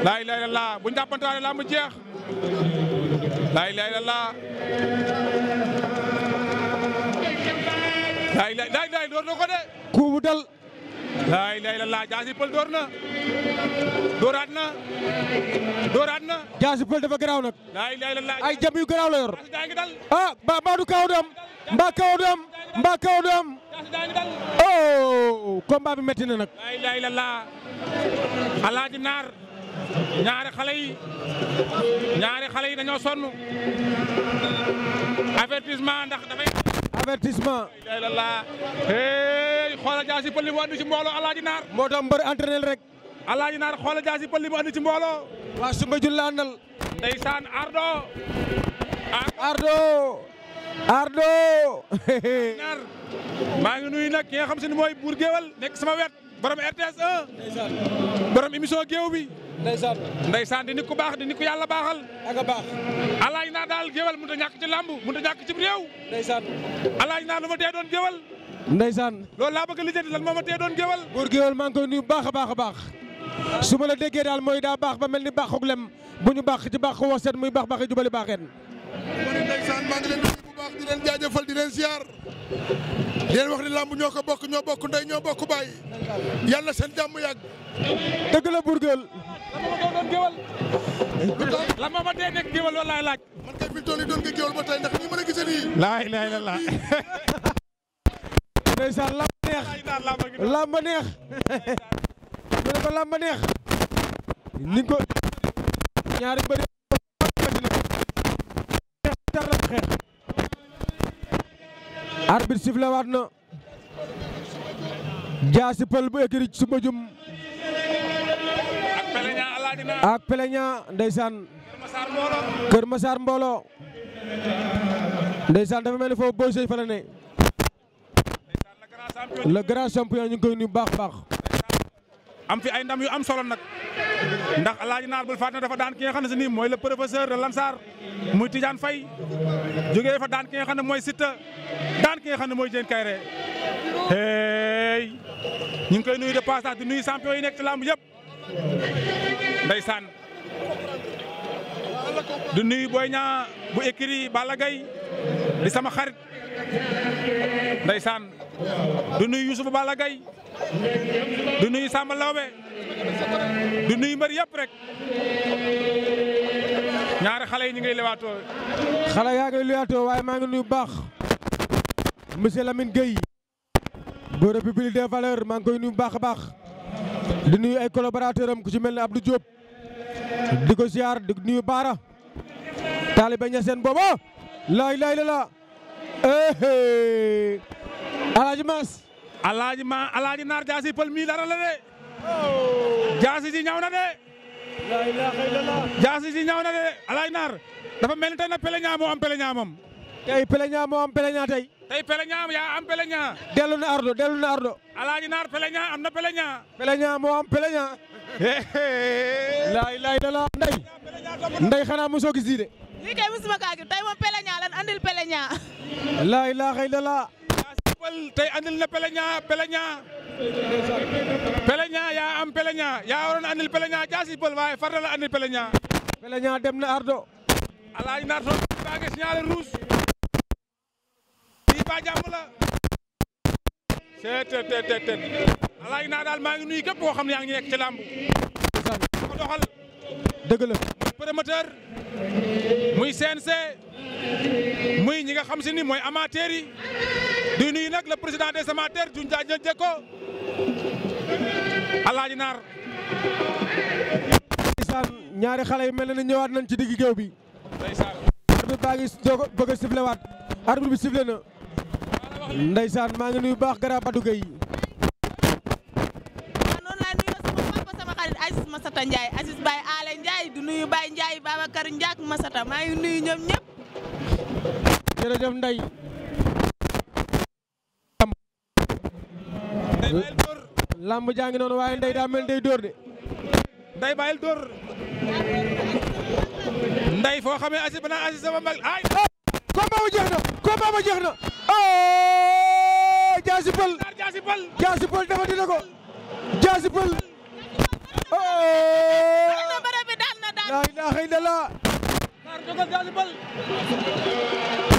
laa ilaaha illallaah bu ñu jàppante waatee làmb ji jeex. laa ilaaha illallaah. laa ilaaha illallaah door na ko de. kuubu dal. laay lay la laa jaasi pël door na dooraat na dooraat na jaasi pël dafa garaaw nag ay jab yu la yor ah ba mbaadu kaw du mbaa kaw du mbaa kaw du am oh combat bi metti na nag naar ñaari xale yi ñaari xale yi dañoo sonn avertissement ndax dafay. avertissement. la hey jaasi pël mu andi ci mbooloo Alaaji Naar. moo tax mbër entraînel rek. Alaaji Naar xoolal jaasi pël li mu andi ci mbooloo. waa Sumba Jul la àndal. ndeysaan Ardo. Ardo. Ardo. maa ngi nuyu nag ki nga xam si ne mooy buur géwal nekk sama wet borom RTS 1. borom émission géew bi. ndeysaan saan di nit ku baax di nit ku yàlla baaxal ak a baax alaaj naa daal géwal mënut a ñàkk ci làmb mënut a ñàkk ci réew ndeysaan naa lu ma tee doon géwal ndeysaan loolu laa bëgg lijjanti lan moo ma tee doon géwal buur géwal maa ngi nuyu baax a baax a baax su ma la déggee daal mooy daa baax ba mel ni baaxuk lem bu ñu baax ci baax waset muy baax baax jubali baaxeen baax di leen jaajëfal di leen ziar di leen wax ni làmb ñoo ko bokk ñoo bokk ndey ñoo bokk baay yàlla seen jàmm yàgg. dëgg la Bourgueul. lan moo ma dee nekk géwal loolu laay laaj. man kay fi tool yi doon nga géwal ba tey ndax nii mën a gisee nii. laa ilaaha illallaah. ndeysaan làmb neex. làmb neex. ñu ne ko làmb neex. ni ko ñaari bëri. xeex dara xeex. arbitre sifflé waat na jaasi pël bu écrit suma jum ak peleña ndeysaan Kër Massar mbooloo ndeysaan dafa mel ni foofu boy sey fa la ne la grand champion ñu ngi koy nuyu baax baax am fi ay ndam yu am solo nag ndax laaj naar bul fàtte dafa daan ki nga xam ne si nii mooy le professeur de Lansar muy Tidiane Faye jógee fa daan ki nga xam ne mooy Siteu daan ki nga xam ne mooy Diène Kairé hey ñu ngi koy nuyu de passage di nuyu champion yi nekk laamu làmb yëpp ndeysaan di nuyu Boy Niang bu écrit Balla Gaye di sama xarit ndeysaan du nuyu Youssouf Balla Gaye du nuyu Samba Lawbe du nuyu mbër yëpp rek ñaari xale yi ñu ngi lewaatoo. xale yaa ngi lewaatoo waaye maa ngi nuyu baax monsieur lamin Gueye bu République des valeurs maa ngi koy nuyu baax a baax di nuyu ay collaborateur am ku ci mel ne Abdou Diop di ko ziar di nuyu Baara taaliba ña booba ah, laay laay la alaaji Mass. alaaji ma alaaji naar jaasi pël mii dara de. jaasi ji ñaw na de. jaasi ji ñaw de alaaji naar dafa mel ni tey na peleñaa moo am peleñaa moom. tey peleñaa moo am peleñaa tey. tey peleñaa yaa am peleñaa. dellu na ardo dellu na ardo. alaaji naar peleñaa am na peleñaa. peleñaa moo am peleñaa. laay laay la la ndey. ndey xanaa mosoo gis de. lii kay musuma kaa gis tey moom peleñaa lan andil peleñaa. la ilaha illallah. simbal tey andil na peleñaa peleñaa. yaa am peleñaa yaa waroon andil peleñaa jaa simbal waaye farda la andil peleñaa. peleñaa dem na Ardo. alaaj naar toog baa ngi signalé rouge. kii baa jàmm la. seet seet alaaj naar daal maa ngi nuyu képp koo xam yaa ngi nekk ci làmb. dëgg la muy promoteur muy CNC muy ñi nga xam si ni mooy amateur yi di nuyu nag le président des amateurs du Ndiagne Diécko Alaaji Naar. ndeysaan ñaari xale yi mel na ñëwaat nañ ci digg géew bi. ndeysaan. arbitre baa ngi doog bëgg a bi siffle na. ndeysaan maa ngi nuyu baax Gara Badou Gueye Masata Ndiaye Aziz Baye Aale Ndiaye du nuyu Baye Ndiaye Babacar Ndiak Masata maa nuyu ñoom ñëpp. jërëjëf Ndeye. lamb jaa ngi waaye Ndeye daa mel Ndeye Dóor de. Ndeye bàyyil Dóor. Ndeye foo xamee Aziz ba naan Aziz sama mag ay. combat ba jeex na oh, jaasi pël jaasi pël dafa dina ko jaasi pël. daan na bëre bi daan na daan. laa ilaaha illallaah.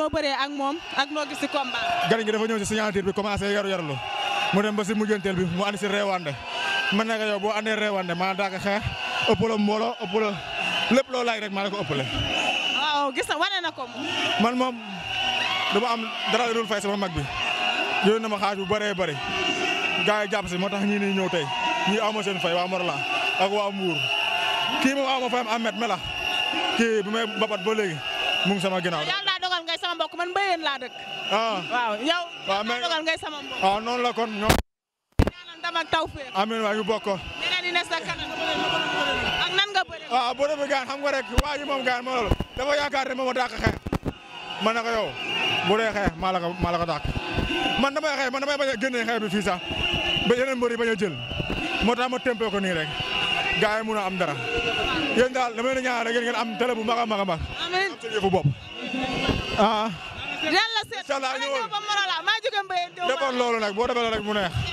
noo bëree ak moom ak noo gis si combat. gari bi commencé yaru yarlu mu dem bi mu andi si reewande man boo andee reewande maa lépp loo la ko ëppale. ko moom. man moom dama am dara lu dul fay sama mag bi yooyu na ma xaaj bu bëree bëri gars yi jàpp si moo tax ñii nii ñëw tey ñii aw seen fay waa Morolan ak waa Mbour kii moom aw ma fayam Ahmed Melax kii bi may babat ba léegi mu ngi sama ginnaaw. mbokk man mbayeen laa dëkk. Ah. waaw yow. waaw mais dogal ngay sama mbokk. waaw ah, noonu la kon ñoom. ñaanal ndam ak tawfeex. amiin boo demee gaan xam nga rek waa ji moom gaan moo loolu dafa yaakaar ne moom a dàq xeex man na ko yow bu dee xeex maa la ko maa la ko dàq man damay xeex man damay bañ a génnee xeex bi fii ba yeneen mbër yi a jël moo tax ma tempee ko nii rek gars yi mun a am dara yéen daal damay na ñaan rek ngeen am télé bu mag a mag a mag. amiin am ah. yan la seet. incha allah ñëwoon maa jóge mbéy defoon loolu nag boo defee loolu rek mu neex.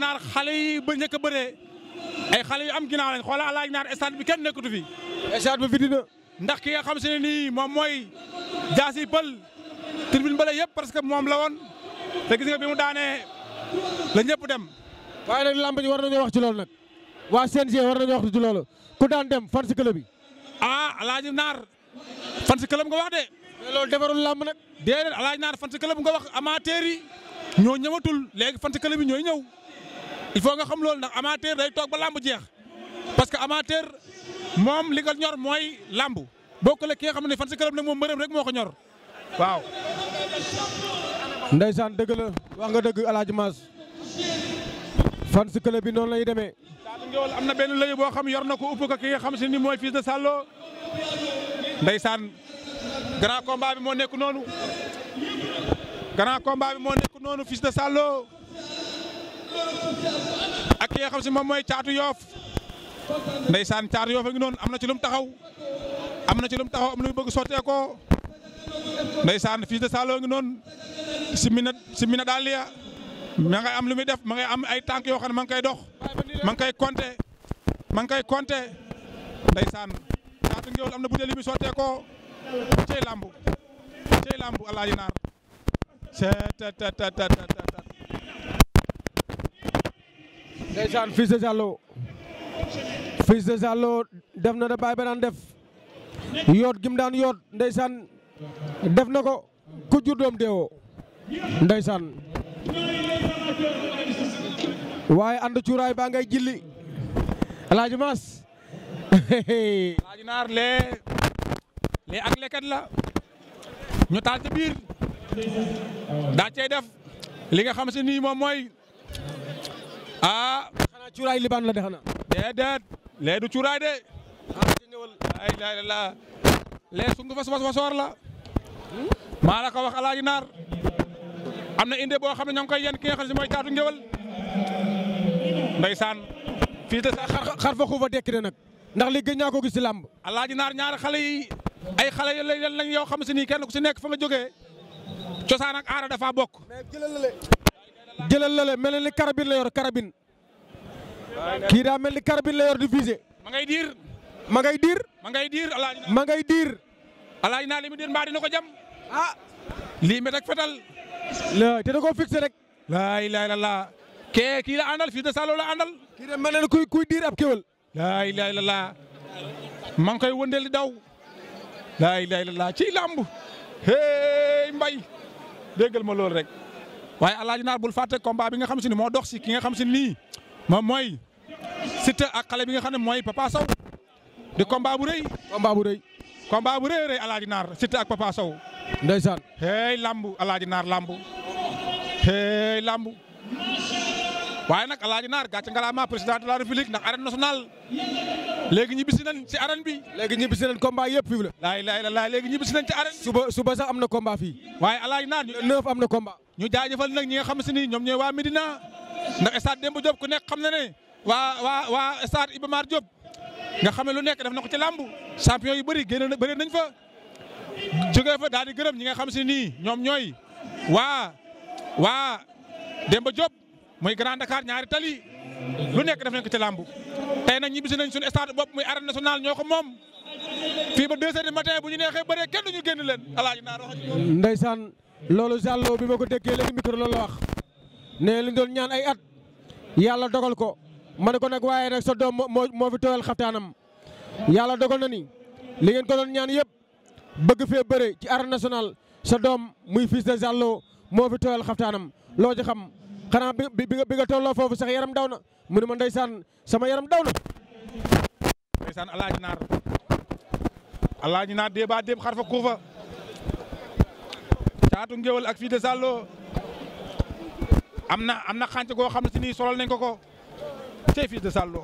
naar xale yi ba njëkk a bëree ay xale yu am ginnaaw lañ xoolal alaaj naar stade bi kenn nekkatu fi. stade bi vide na. ndax ki nga xam si ne nii moom mooy jaasi pël tribune bale yëpp parce que moom la woon te gis bi mu daanee la ñëpp dem. waaye nag lamb ji war nañoo wax ci loolu nag waa CNG war nañoo wax ci loolu ku daan dem fan si club bi. ah alaaji naar fan si club nga wax de. mais loolu defarul lamb nag. déedéet alaaji naar fan si club wax amateur yi ñoo ñëwatul léegi fan si ñooy ñëw. il faut nga xam lool ndax amateur day toog ba làmb jeex parce que amateur moom li ñor mooy làmb bokkul ak ki nga xam ne fan si këram moom mbërëm rek moo ko ñor waaw. Ndeysaan dëgg la wax nga dëgg El Hadj fan si bi noonu lay demee. Daadu am na benn lëy boo xam yor na ko upp ko ki nga xam si ni mooy fils de Sallo Ndeysaan grand combat moo nekk noonu grand moo nekk noonu de Sallo ak ki nga xam si moom mooy caatu yoof ndeysaan caatu yoof a ngi noon am na ci lu mu taxaw am na ci lu mu taxaw am lu mu bëgg sottee ko ndeysaan fils de Salo ngi noonu si mina si daal ya ma ngay am lu muy def ma ngay am ay tànk yoo xam ne ma ngi koy dox ma ngi koy compté ma ngi koy compté ndeysaan caatu ngéwél am na butéel yu muy sottee ko cey lambu cey lambu alaaji naar ndeysaan Fils de Zalo Fils de Zalo def na da baay ba daan def yoot gim daan yoot ndeysaan def na ko ku doom deewoo ndeysaan waaye ànd cuuraay baa ngay jilli alaaji Maas lee ak leket la ñu taal ci biir daa cey def li nga xam si nii moom mooy ah. xanaa cuuraay libaan la de xanaa. déedéet lee du cuuraay de. la la la lee sungu fa la. maa la ko wax alaaji naar. am na inde boo xam ne ñoo ngi koy yenn ki nga xam ne mooy caatu ngéwal. ndeysaan. fii de sax xar fa xuufa dekk de nag. ndax li gëj naa ko gis ci làmb. alaaji naar ñaari xale yi. ay xale yu lañ lañ yoo xam si nii kenn ku si nekk fa nga jóge cosaan ak aara dafa bokk. jëlal lale mel ni carabine la yor carabine kii daa mel ni carabine la yor di visé. ma ngay diir. ma diir. ma ngay diir alaaji ma ngay diir. alaaji naa li mu diir mbaa ko jam. Ah. lii met ak fetal. la te da rek. laa ilaaha illallaah. kee kii la àndal fii de Saalum la àndal. kii de mel na kuy kuy diir ab kéwél. laa ilaaha illallaah. maa ngi di daw. laa ilaaha illallaah ciy làmb. hey mbay déggal ma loolu rek. waaye alaaji naar bul fàtte combat bi nga xam si ne moo dox si ki nga xam si nii moom mooy Siteu ak xale bi nga xam ne mooy Papa Sow di combat bu rëy. combat bu rëy. combat bu rëy rëy alaaji naar Siteu ak Papa Sow. ndeysaan. hey lambu alaaji naar lambu hey lambu. waaye nag alaaji naar gàcce ngalaama président de la république ndax arène nationale léegi ñibbisi nañ ci arène bi léegi ñibbisi nañ combat yëpp fii la laay laay la léegi ñibbisi nañ ci suba suba sax am na combat fii waaye alaaji naar neuf am na combat ñu jaajëfal nag ñi nga xam si ni ñoom ñooy waa Medina ndax stade Demba Diop ku nekk xam na ne waa waa waa stade Iba Mar Diop nga xam ne lu nekk def na ko ci làmb champion yu bëri génn bëri nañ fa jógee fa daal di gërëm ñi nga xam si nii ñoom ñooy waa waa Demba Diop muy Grand Dakar ñaari tali lu nekk def nañ ko ci làmb tey nag ñibbisi nañ suñu stade bopp muy arène nationale ñoo ko moom fii ba 2 heures du matin bu ñu neexee bëree kenn duñu génn leen alaaji naar wax ndeysaan loolu Diallo bi ma ko déggee léegi micro loolu la wax ne li doon ñaan ay at yàlla dogal ko ma ne ko nag waaye nag sa doom moo moo fi tooyal xaftaanam yàlla dogal na ni li ngeen ko doon ñaan yëpp bëgg fee bëre ci arène nationale sa doom muy fils de Diallo moo fi tooyal xaftaanam loo ci xam xanaa bi bi bi nga foofu sax yaram daw na mu ne ma ndeysaan sama yaram daw na. ndeysaan alaaji naar alaaji naar dee ba déeb xar fa caatu ngéwal ak fii de Sallo am na am na xànc goo xam ne si nii solal nañ ko ko cey fii de Sallo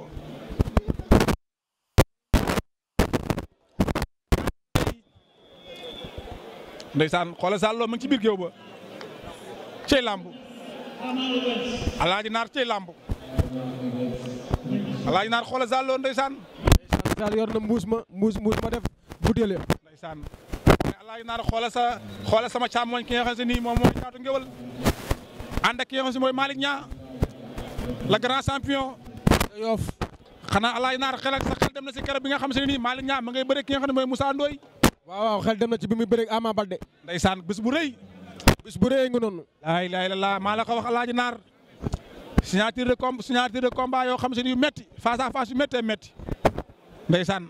ndeysaan xoolal Sallo mu ngi ci ba cey làmb alaaji naar cey làmb alaaji naar xoola sall loon ndeysaan sall yor na mbuus ma mbuus mbuus ma def butéel ya ndeysaan alaaji naar xoola sa xoola sama càmmoñ ki nga xam si nii moom mooy caatu ngéwal ànd ak ki nga xam si mooy Malick Niang la grand champion yoof xanaa alaaji naar xel ak dem na si keroog bi nga xam si ne nii Malick ma ngay bëre ki nga xam mooy Moussa Ndoye waaw waaw xel dem na ci bi muy bëre Ama Baldé ndeysaan bés bu rëy bis bu rëy nga noonu. laay laay la maa la ko wax alaaji naar signature de com yoo xam si ne yu métti face à face yu méttee métti. ndeysaan.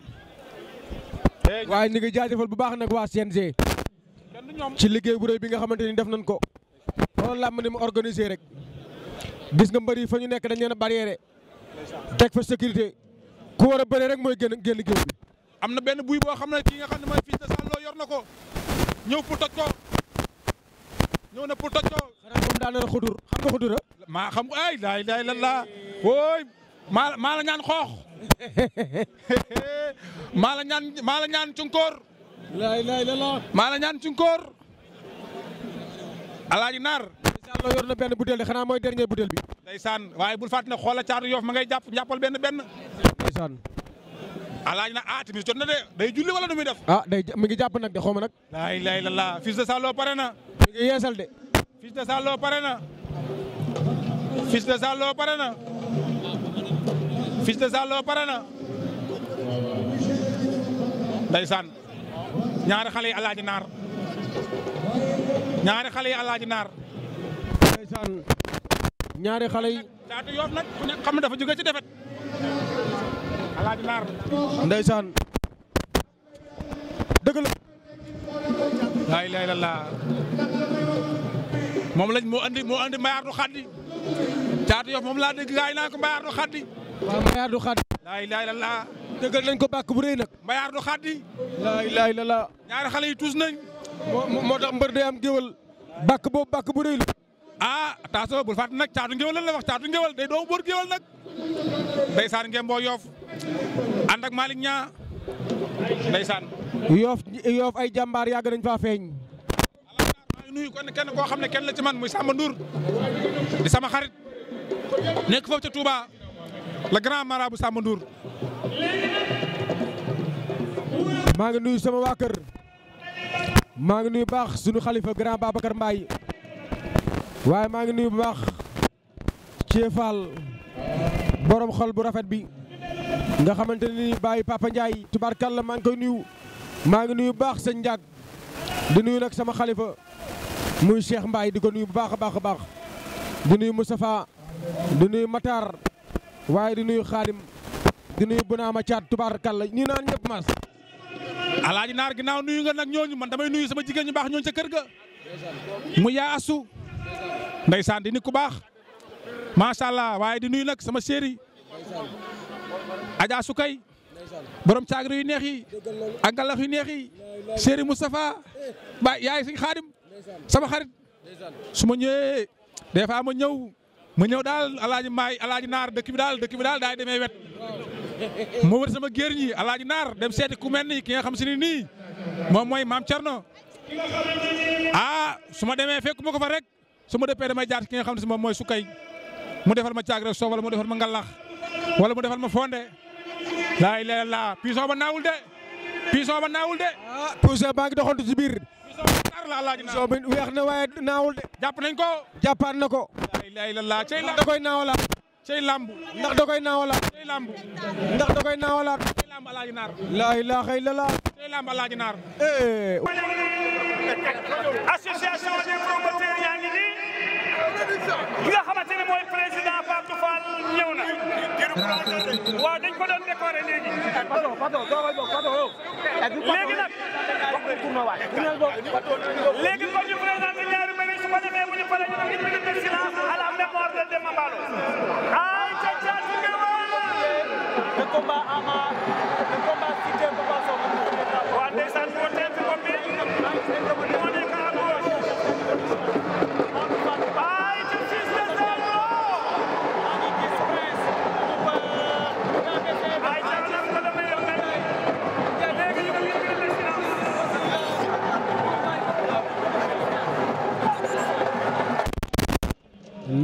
waaye ñu ngi jaajëfal bu baax nag waa CNG. ci liggéey bu rëy bi nga xamante ni def nañ ko. loolu làmb ni mu organiser rek. gis nga mbëri fa ñu nekk dañ leen a barrière. teg fa sécurité. ku war a bëre rek mooy génn génn géew bi. am na benn buy boo xam ne kii nga xam ne mooy fils de Sall yor na ko ñëw pour toj ko. ñëw na pour toj ko. xanaa moom na xudur xam nga xudur ah? maa xam ay daay daay lan la wooy maa maa la ñaan xoox maa la ñaan maa la ñaan cunkoor. laay la la maa la ñaan cunkoor. alaaji naar. ndeysaan loo yor na benn butéel de xanaa mooy dernier butéel bi. ndeysaan waaye bul fàttali ne xoola caatu yoof ma ngay jàpp jàppal benn benn. alaaji nag ah timis jot na de day julli wala nu def. ah day mi ngi jàpp nag de xaw nak nag. laa ilaaha illallaah Fils de Zalo pare na. mi ngi yeesal de. Fils de Zalo pare na. Fils de Zalo pare na. Fils de pare na. ndeysaan ñaari xale yi alaaji naar ñaari xale yi alaaji naar. ndeysaan ñaari xale yi. caatu yoof nag ku nekk dafa jóge ci defet alaaji naar ndeysaan dëgg la laa ilaaha illallaah moom lañ moo andi moo andi mayaar du xaddi caatu yof moom laa dégg gaay naa ko mayaar du xaddi waaw mayaar du xaddi laa ilaaha illallaah dëggal nañ ko bàkk bu rëy nag mayaar du xaddi laa ilaaha illallaah ñaari xale yi tuus nañ moo tax mbër day am géwal bakk boobu bàkk bu rëy ah attention bul fàtte nag caatu ngéwél lan wax caatu ngéwél day doomu boor géwél nag ndeysaan ngeen boo yoof ànd ak Malick ñaa ndeysaan yoof yoof ay jàmbaar yàgg nañ faa feeñ maa ngi nuyu kon kenn koo xam ne kenn la ci man muy Samba Ndour di sama xarit nekk foofu ca tuuba le grand marabout Samba Ndour maa ngi nuyu sama waa kër maa ngi nuyu baax sunu xalifa grand Babacar Mbaye waaye maa ngi nuyu bu baax Thié boroom borom xol bu rafet bi nga xamante ni bàyyi Papa tubaar tubaarkàlla maa ngi koy nuyu maa ngi nuyu bu baax sëñ njaag di nuyu nag sama xalifa muy Cheikh Mbaye di ko nuyu bu baax a baax a baax di nuyu Moustapha di nuyu Matar waaye di nuyu Xaadim di nuyu Bunaama Caat tubaarkàlla ñu naan ñëpp mas alaaji naar ginnaaw nuyu nga nag ñooñu man damay nuyu sama jigéen ñu baax ñooñu ca kër ga mu yaa asu ndeysaan di nit ku baax macha allah waaye di nuy nag sama chéri Adja Sukay borom caagri yu neex yi ak ngalax yu neex yi chéri Moustapha ba yaay si xaadim sama xarit su ma ñëwee des fois ma ñëw ma ñëw daal alaaji maay alaaji naar dëkk bi daal dëkk bi daal daay demee wet moo wër sama géer ñi alaaji naar dem seeti ku mel ni ki nga xam si ne nii moom mooy maam Thierno ah su ma demee fekk ma ko fa rek. su ma dëppee damay jaar ci ki nga xam ne si moom mooy sukkay mu defal ma caag rek soof wala mu defal ma ngalax wala mu defal ma fonde laa ilaaha illallaah puissance ba naawul de puissance ba naawul de. ah puissance baa ngi doxantu ci biir. puissance bi weex na waaye naawul de. jàpp nañ ko. jàppaat na ko. laa ilaaha illallaah cey lamb. ndax da koy naawalaat. cey lamb. ndax da koy naawalaat. cey lamb. ndax da koy naawalaat. cey lamb alaaji naar. laa ilaaha illallaah. cey lamb alaaji naar. Eh. association des promoteurs ki nga xamante ne mooy président Fatou Fall ñëw na. léegi. nag. léegi kon ñu présenté ñaari mbir yi su ko defee bu ñu paree ñu ngi leen di silence à la mémoire de Demba Mballo. ay ca ca ci nga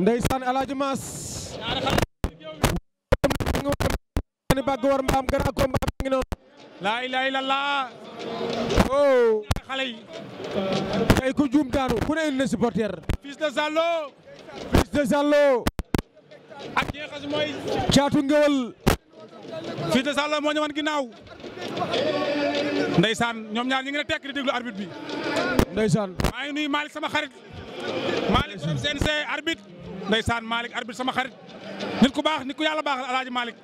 ndeysaan alaaji maas ni bàgg war mbaam grand combat ngi noonu laa ilaaha illallaah oh xale ku juum ku ne indi supporter fils de Zallo fils de Zallo ak ki nga xam mooy caatu ngewal fils de Zallo moo ñëwoon ginnaaw ndeysaan ñoom ñaar ñi ngi ne tekk di déglu arbitre bi ndeysaan maa ngi nuyu Malick sama xarit Malick borom CNC arbitre ndeysaan Malick arbitre sama xarit nit ku baax nit ku yàlla baaxal alaaji Malick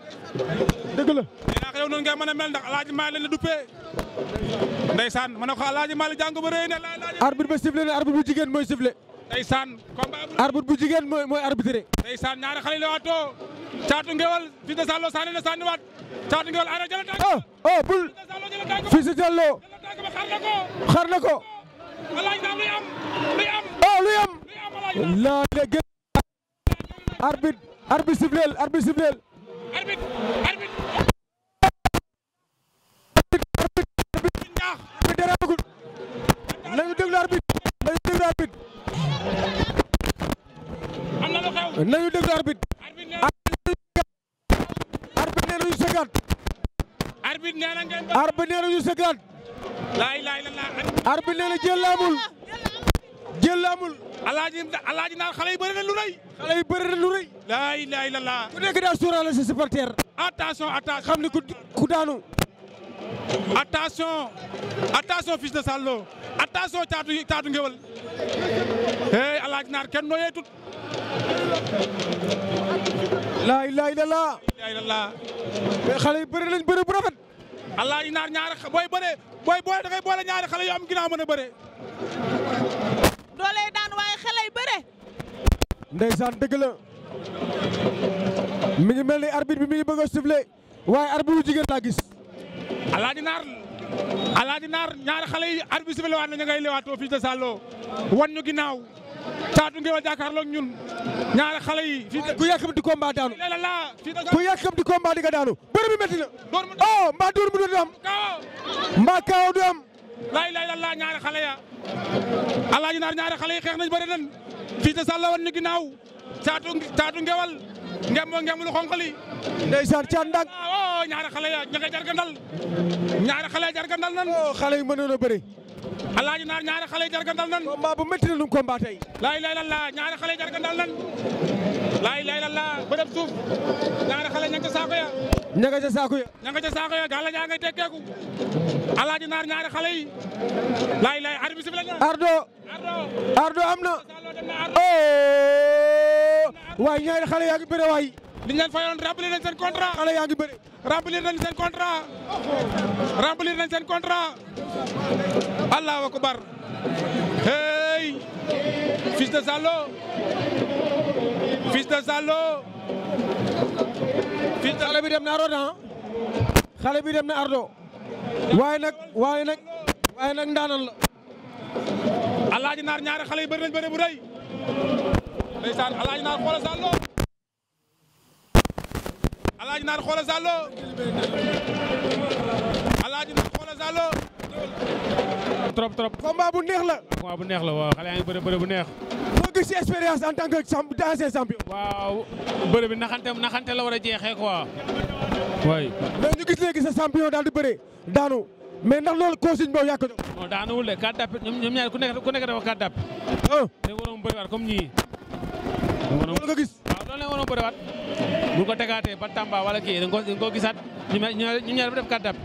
dëgg la nee naa ko yow noonu ngay mën a mel ndax alaaji Malick la duppee ndeysaan ma ne ko alaaji Malick jàng ba rëy ne la ba sifflé ne arbitre bu jigéen mooy sifflé ndeysaan combat arbitre bu jigéen mooy mooy arbitré ndeysaan ñaari xale la waatoo caatu ngewal fils saani na saani waat caatu ngewal ana jëla tànk oh oh bul fils de Sallo xar na ko luy am luy am oh luy arbitre arbitre siffleel arbitre siffleel arbitre arbitre nañu déglu arbitre nañu déglu arbitre am na lu xew nañu déglu arbitre arbitre nee nañu sëggaat arbitre nee nañu sëggaat arbitre nee nañu jël laamul jël la amul. alaaji alaaji naan xale yi na lu rëy. xale yi bëri na lu rëy. laa ilaaha illallaah. ku nekk daal sóoraale sa supporter. attention attention xam ni ku laa ilaaha illallaah. laa ilaaha illallaah. mais xale yi bëri nañ bëri bu rafet. alaaji naar ñaari booy boole ñaari xale am ginnaaw mën a bëree. ndeysaan dëgg la mi ngi mel ni arbitre bi mi ngi bëgg a siffler waaye arbitre bu jigéen gis. Alaaji Naar Alaaji Naar ñaari xale yi arbitre siffler waat na ñu ngay lewaatoo fii ca Saaloo wan ñu ginnaaw caatu ngeewal jàkkaarloo ak ñun ñaari xale yi. ku yàkkamti combat daanu ku yàkkamti combat di nga daanu bëri bi métti na. Oh, mbaa dóor mu du am. mbaa kaaw du am. laay laay lallaa ñaari xale ya Alaaji Naar ñaari xale yi xeex nañ bëri nañ. fii de Sall wan ni ginnaaw caatu caatu ngewal ngem bo ngem lu xonq li ndeysaan caan ndak ah, o oh, ñaari xale ya ña nga jargandal ñaari xale jargandal nan oh, xale yi mënoon a bëri alaaji naar ñaari xale jargandal nan combat bu métti na nu combat tey laay lay lalla ñaari xale jargandal nan laay lay lalla ba def suuf ñaari xale ña nga ca saako ya ña nga ca saako ya ña nga ca saako ya gàlla ñaa ngay tekkeeku alaaji naar ñaari xale yi laay lay arbitre bi la ardo ardo am na oh! waay ñaari xale yaa ngi bëre waay liñ leen fayoon remplir nañ seen contrat xale yaa ngi bëre remplir nañ seen contrat remplir seen contrat allahu akbar hey fils de Zalo fils de Zalo fils de xale bi na ardo na bi dem waaye nag waaye nag waaye ndaanan la alaaji naar ñaar xale yu bëri nañ bëri bu rëy ndeysaan naar xoola Zallo alaaji naar trop trop combat bu neex la combat bu neex la waaw xale yaa ngi bëri bu neex moo gis ci expérience en tant que ancien champion waaw bëri bi naxante naxante la war a jeexee quoi waay mais ñu gis sa champion daal di bëri daanu mais ndax loolu consigne boobu yaa ko jox. non daanuwul de quatre dàpp ñoom ñaar ku nekk ku nekk dafa quatre dàpp. ah. ñii. loolu nga gis. waaw loolu la waroon bëriwaat. bu ko tegaatee ba Tamba wala kii da nga da nga gisaat ñu ñu ñu ñaar dafa def quatre dàpp.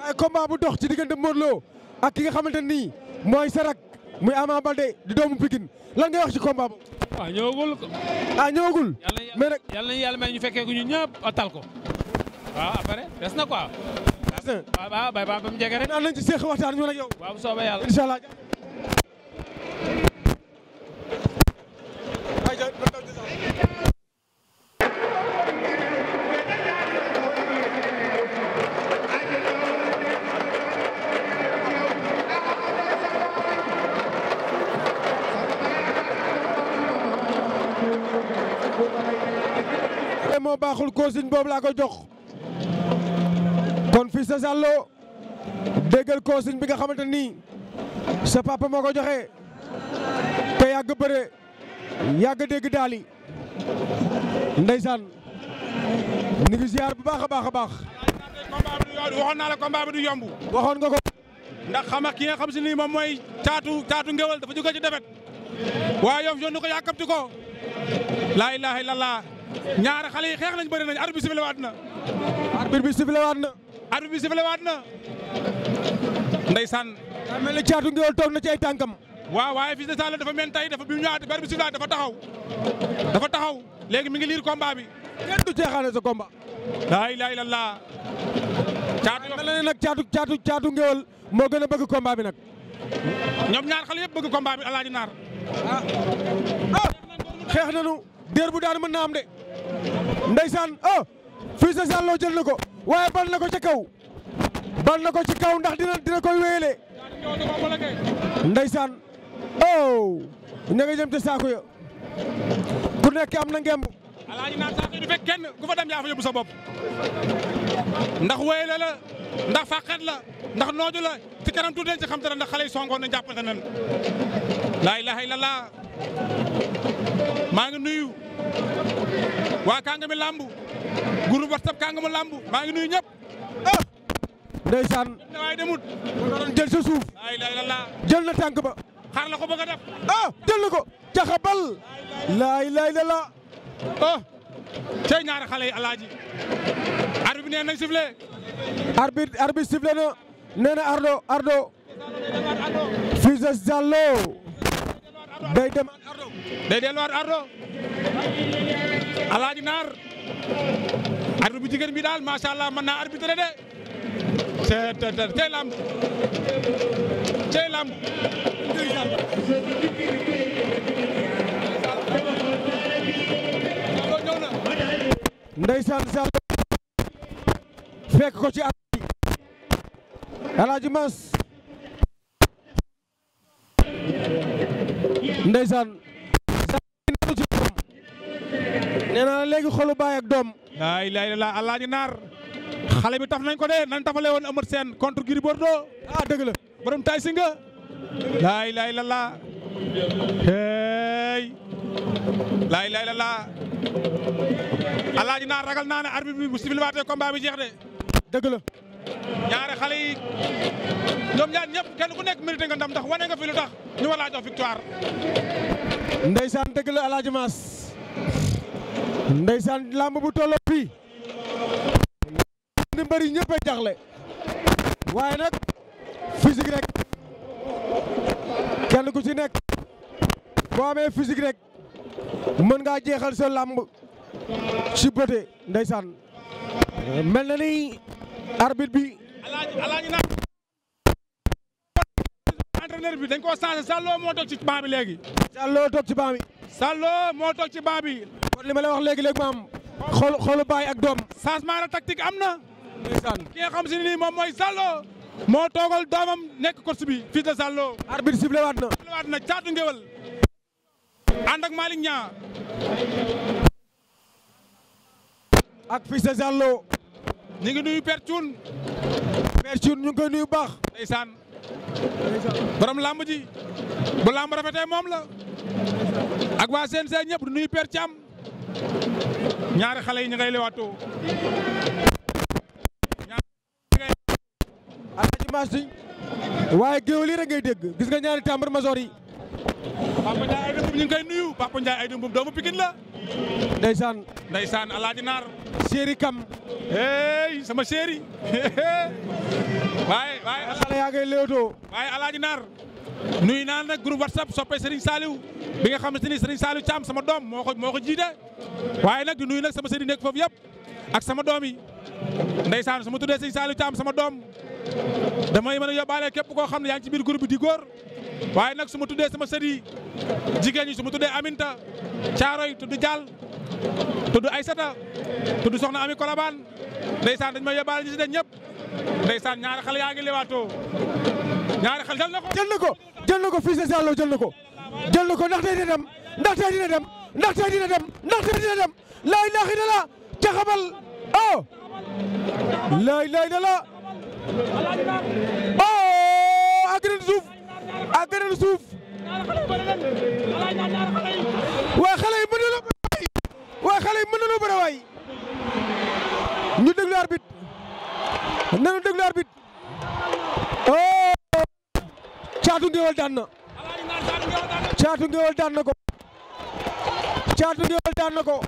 waaye combat bu dox ci diggante Modou Lo ak ki nga xamante nii mooy Sarak muy Ama Baldé di doomu Pikine lan ngay wax ci combat boobu. a ñëwagul. ah ñëwagul. mais nag yàlla na yàlla may ñu fekkee ñu ñun a tal ko. waaw après des Assin waaw waaw Baye Fall ba mu jege rek. naan nañ ci seex waxtaan ñu nag yow. waaw bu soobee yàlla incha allah. moo baaxul consigne boobu laa koy jox. kon Fils de Zallo déggal consigne bi nga xamante nii sa papa moo ko joxe te yàgg bëre yàgg dégg daali ndeysaan ni ngi ziar bu baax a baax a baax. waxoon naa la combat bi du yomb. waxoon nga ko. ndax xam nga ki nga xam si nii moom mooy taatu taatu ngéwal dafa jóge ci defet waa yow yow nu ko yàkkamti ko. laa ilaaha illallah ñaar xale yi xeex nañ bëri nañ arbitre bi sifflé waat na. arbitre bi sifflé waat na ndeysaan daa mel ni caatu ngeewal toog na ci ay tànkam waaw waaye Fils de Sa Lô dafa mel tay dafa bi mu ñëwaat arbitre bi dafa taxaw dafa taxaw léegi mi ngi liir combat bi kenn du ceexaane sa combat laa ilaaha illallaah caatu mel na nag caatu caatu caatu ngeewal moo gën a bëgg combat bi nag ñoom ñaar xale yëpp bëgg combat bi alaaji naar ah, ah xeex nanu déer bu daan mën na am de ndeysaan ah Fils de Sa jël na ko waaye bal na ko ca kaw bal na ko ci kaw ndax dina dina koy wéyale ndeysaan oh ña nga jëm ca saako ya ku nekk am na ngemb alaaji naam saako du fekk ku fa dem yaa fa yóbbu sa bopp ndax wéyle la ndax fàqet la ndax nooju la ci kanam tuuti ci xam ndax xale yi songoon na jàppante nañ laa ilaha maa ngi nuyu waa Kangami Lamb groupe WhatsApp Kangami Lamb maa ngi nuyu ñëpp ndeysaan waaye demut jël sa suuf laa ilaha illallah na tànk ba xar la ko bëgg a def ah jël na ko jaxabal laa ilaha illallah oh tey ñaari xale yi alaaji arbitre bi nee nañ sifflé arbitre arbitre na nee ardo ardo Fils de Zalo day dem ardo ardo alaaji naar arbitre bu jigéen bi daal macha ma mën naa arbitre de tey tey tey lamb ndeysaan Sall fekk ko ci alaaji alaaji Mas ndeysaan Sall nee naa léegi xolu baay ak doom laa ilaaha illallaah alaaji naar xale bi taf nañ ko de nañ tafale woon Eumeu Sène contre Gris Bordeaux ah dëgg la borom tay laa ilaaha illallaah hey laay laay la laa alaaji naar ragal naa ne arbitre bi bu sibil waatee combat bi jeex de. dëgg la. ñaari xale yi ñoom ñaar ñëpp kenn ku nekk mérité nga ndam ndax wane nga fi lu tax ñu war laa jox victoire. ndeysaan dëgg la alaaji maas ndeysaan làmb bu tolloo fii. ni mbëri ñëpp a jaxle. waaye nag physique rek kenn ku ci nekk boo amee physique rek. mën ngaa jeexal sa làmb ci bëte ndeysaan mel na ni arbitre bi alaaji na entraîneur bi dañ koo changé Salloo moo toog ci banc léegi Salloo toog ci banc bi Salloo moo toog ci banc bi kon li ma lay wax léegi-léegi maam xool xoolu baay ak doom changement de tactique am na ndeysaan ki nga xam si ne moom mooy Salloo moo toogal doomam nekk coach bi fils de Salloo arbitre sifflé waat na sifflé waat ànd ak Malick Niang ak Fils de Zallo ñu ngi nuyu Père Thioune Père Thioune ñu ngi koy nuyu baax ndeysaan borom làmb ji bu làmb rafetee moom la ak waa CNG ñëpp du nuyu Père Thiam ñaari xale yi ña ngay lewaatoo ñaari xale yi ngay waaye géwél yi rek dégg gis nga ñaari tambour major yi Papa Ndiaye ay dëmb ñu ngi koy nuyu Papa Ndiaye ay dëmb doomu Pikine la. ndeysaan. ndeysaan alaaji naar. chéri kam. hey sama chéri. waaye waaye. xale yaa ngay léewtoo. waaye alaaji naar. nuyu naa nag groupe whatsapp soppe Serigne Saliou bi nga xamante ni Serigne Saliou Thiam sama doom moo ko moo ko jiite waaye nag di nuyu nag sama sëriñ nekk foofu yëpp. ak sama doom yi ndeysaan su ma tuddee sëñ Saliou Thiam sama doom damay mën a yóbbaale képp koo xam ne yaa ngi ci biir groupe bi di waaye nag su ma tuddee sama sët yi jigéen ñi su ma tuddee Aminta Thiaroy tudd Dial tudd Aysata tudd Soxna Ami Kolabaan ndeysaan dañ may yóbbaale ñi si den ñëpp ndeysaan ñaari xal yaa ngi lewaatoo ñaari xale jël na ko. jël ko jël ko fii si Saliou jël na ko jël ko ndaxte dina dem ndaxte dina dem ndaxte dina dem ndaxte dina jaxabal oh lay lay na la oh adrene suuf adrene suuf waa xale yi mën na la bëre waa xale yi mën na la bëre waay ñu déglu arbitre nañu déglu arbitre oh daan na caatu ngéwal daan na ko caatu ngéwal daan na ko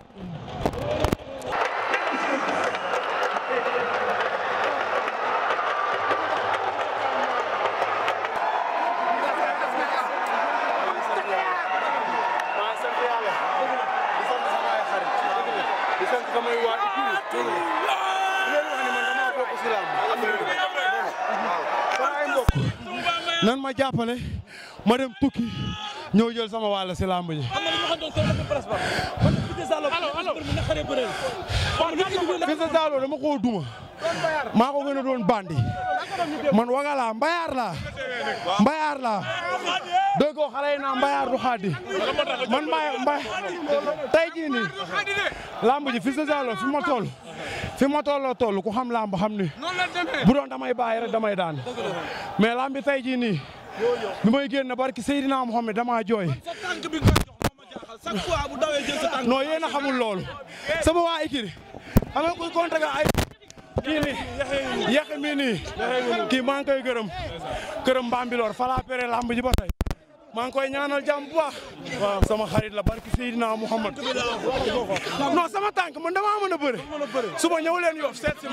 nan ma jàppale ma dem tukki ñëw jël sama wàll si làmb ji Fils de Zalo dama koo duma maa ko gën a doon bandi man waga laa mbayaar laa mbayaar laa dégg ko xale du xaadi man mbay mbay tey jii nii lamb ji Fils de Zalo fi ma toll fi ma tolloo toll ku xam lamb xam ni bu doon damay bàyyi rek damay daan mais lamb bi tey jii nii bi may génn barki damaa jooy non yéen a xamul loolu sama waa Ikiri xam nga ku contre ay kii nii yàq mi nii kii maa ngi koy gërëm gërëm Mbambilor fa laa pere lamb ji ba tey maa ngi koy ñaanal jàmm bu baax waaw sama xarit la barki Seydina Mouhamad non sama tànk man damaa mën a bëre suba ñëw leen Yoff seet si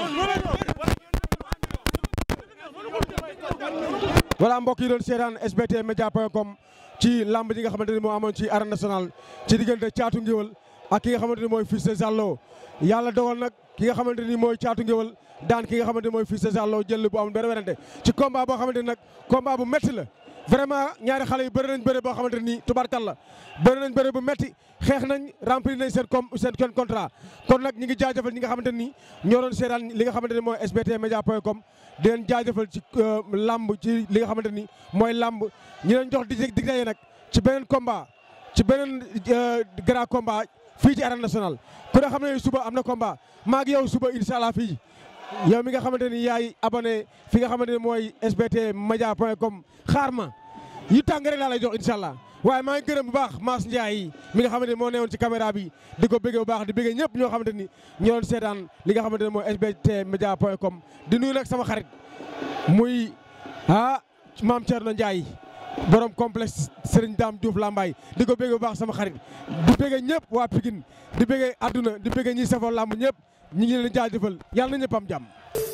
voilà mbokk yi doon seetaan sbtmedia.com ci lamb ji nga xamante ni moo amoon ci arène nationale ci diggante caatu ngéwël ak ki nga xamante ni mooy Fils sa Zallo yàlla dogal nag ki nga xamante ni mooy caatu ngéwël daan ki nga xamante ni mooy Fils de Zallo jël bu amul benn werante ci combat boo xamante ni nag combat bu métti la vraiment ñaari xale yu bëri nañ bëri boo xamante ni tubarkalla bëri nañ bëri bu metti xeex nañ remplir nañ seen com seen kenn contrat kon nag ñi ngi jaajëfal ñi nga xamante ni ñoo doon seetaan li nga xamante ni mooy sbtmedia point com di leen jaajëfal ci euh, làmb ci li nga xamante ni mooy làmb ñi leen jox dig dig daje nag ci beneen combat ci beneen euh, grand combat fii ci arène national ku ne xam ne suba am na combat maa ngi yow suba incha allah fii yow mi nga xamante ni yaay abonné fi nga xamante ni mooy sbt media point comme xaar ma yu tàng rek laa lay jox incha allah waaye maa ngi gërëm bu baax Mass Ndiaye mi nga xamante ni moo newoon ci caméra bi di ko bëggee bu baax di bëggee ñëpp ñoo xamante ni ñoo doon seetaan li nga xamante ni mooy sbt media point com di nuyu nag sama xarit muy ah maam Thierno Ndiaye borom complexe Serigne Dame Diouf Lambaye di ko bëggee bu baax sama xarit di bëggee ñëpp waa Pikine di bëggee àdduna di bëggee ñi safoo làmb ñëpp ñu ngi leen jaajëfal yàlla na ñëpp am jàmm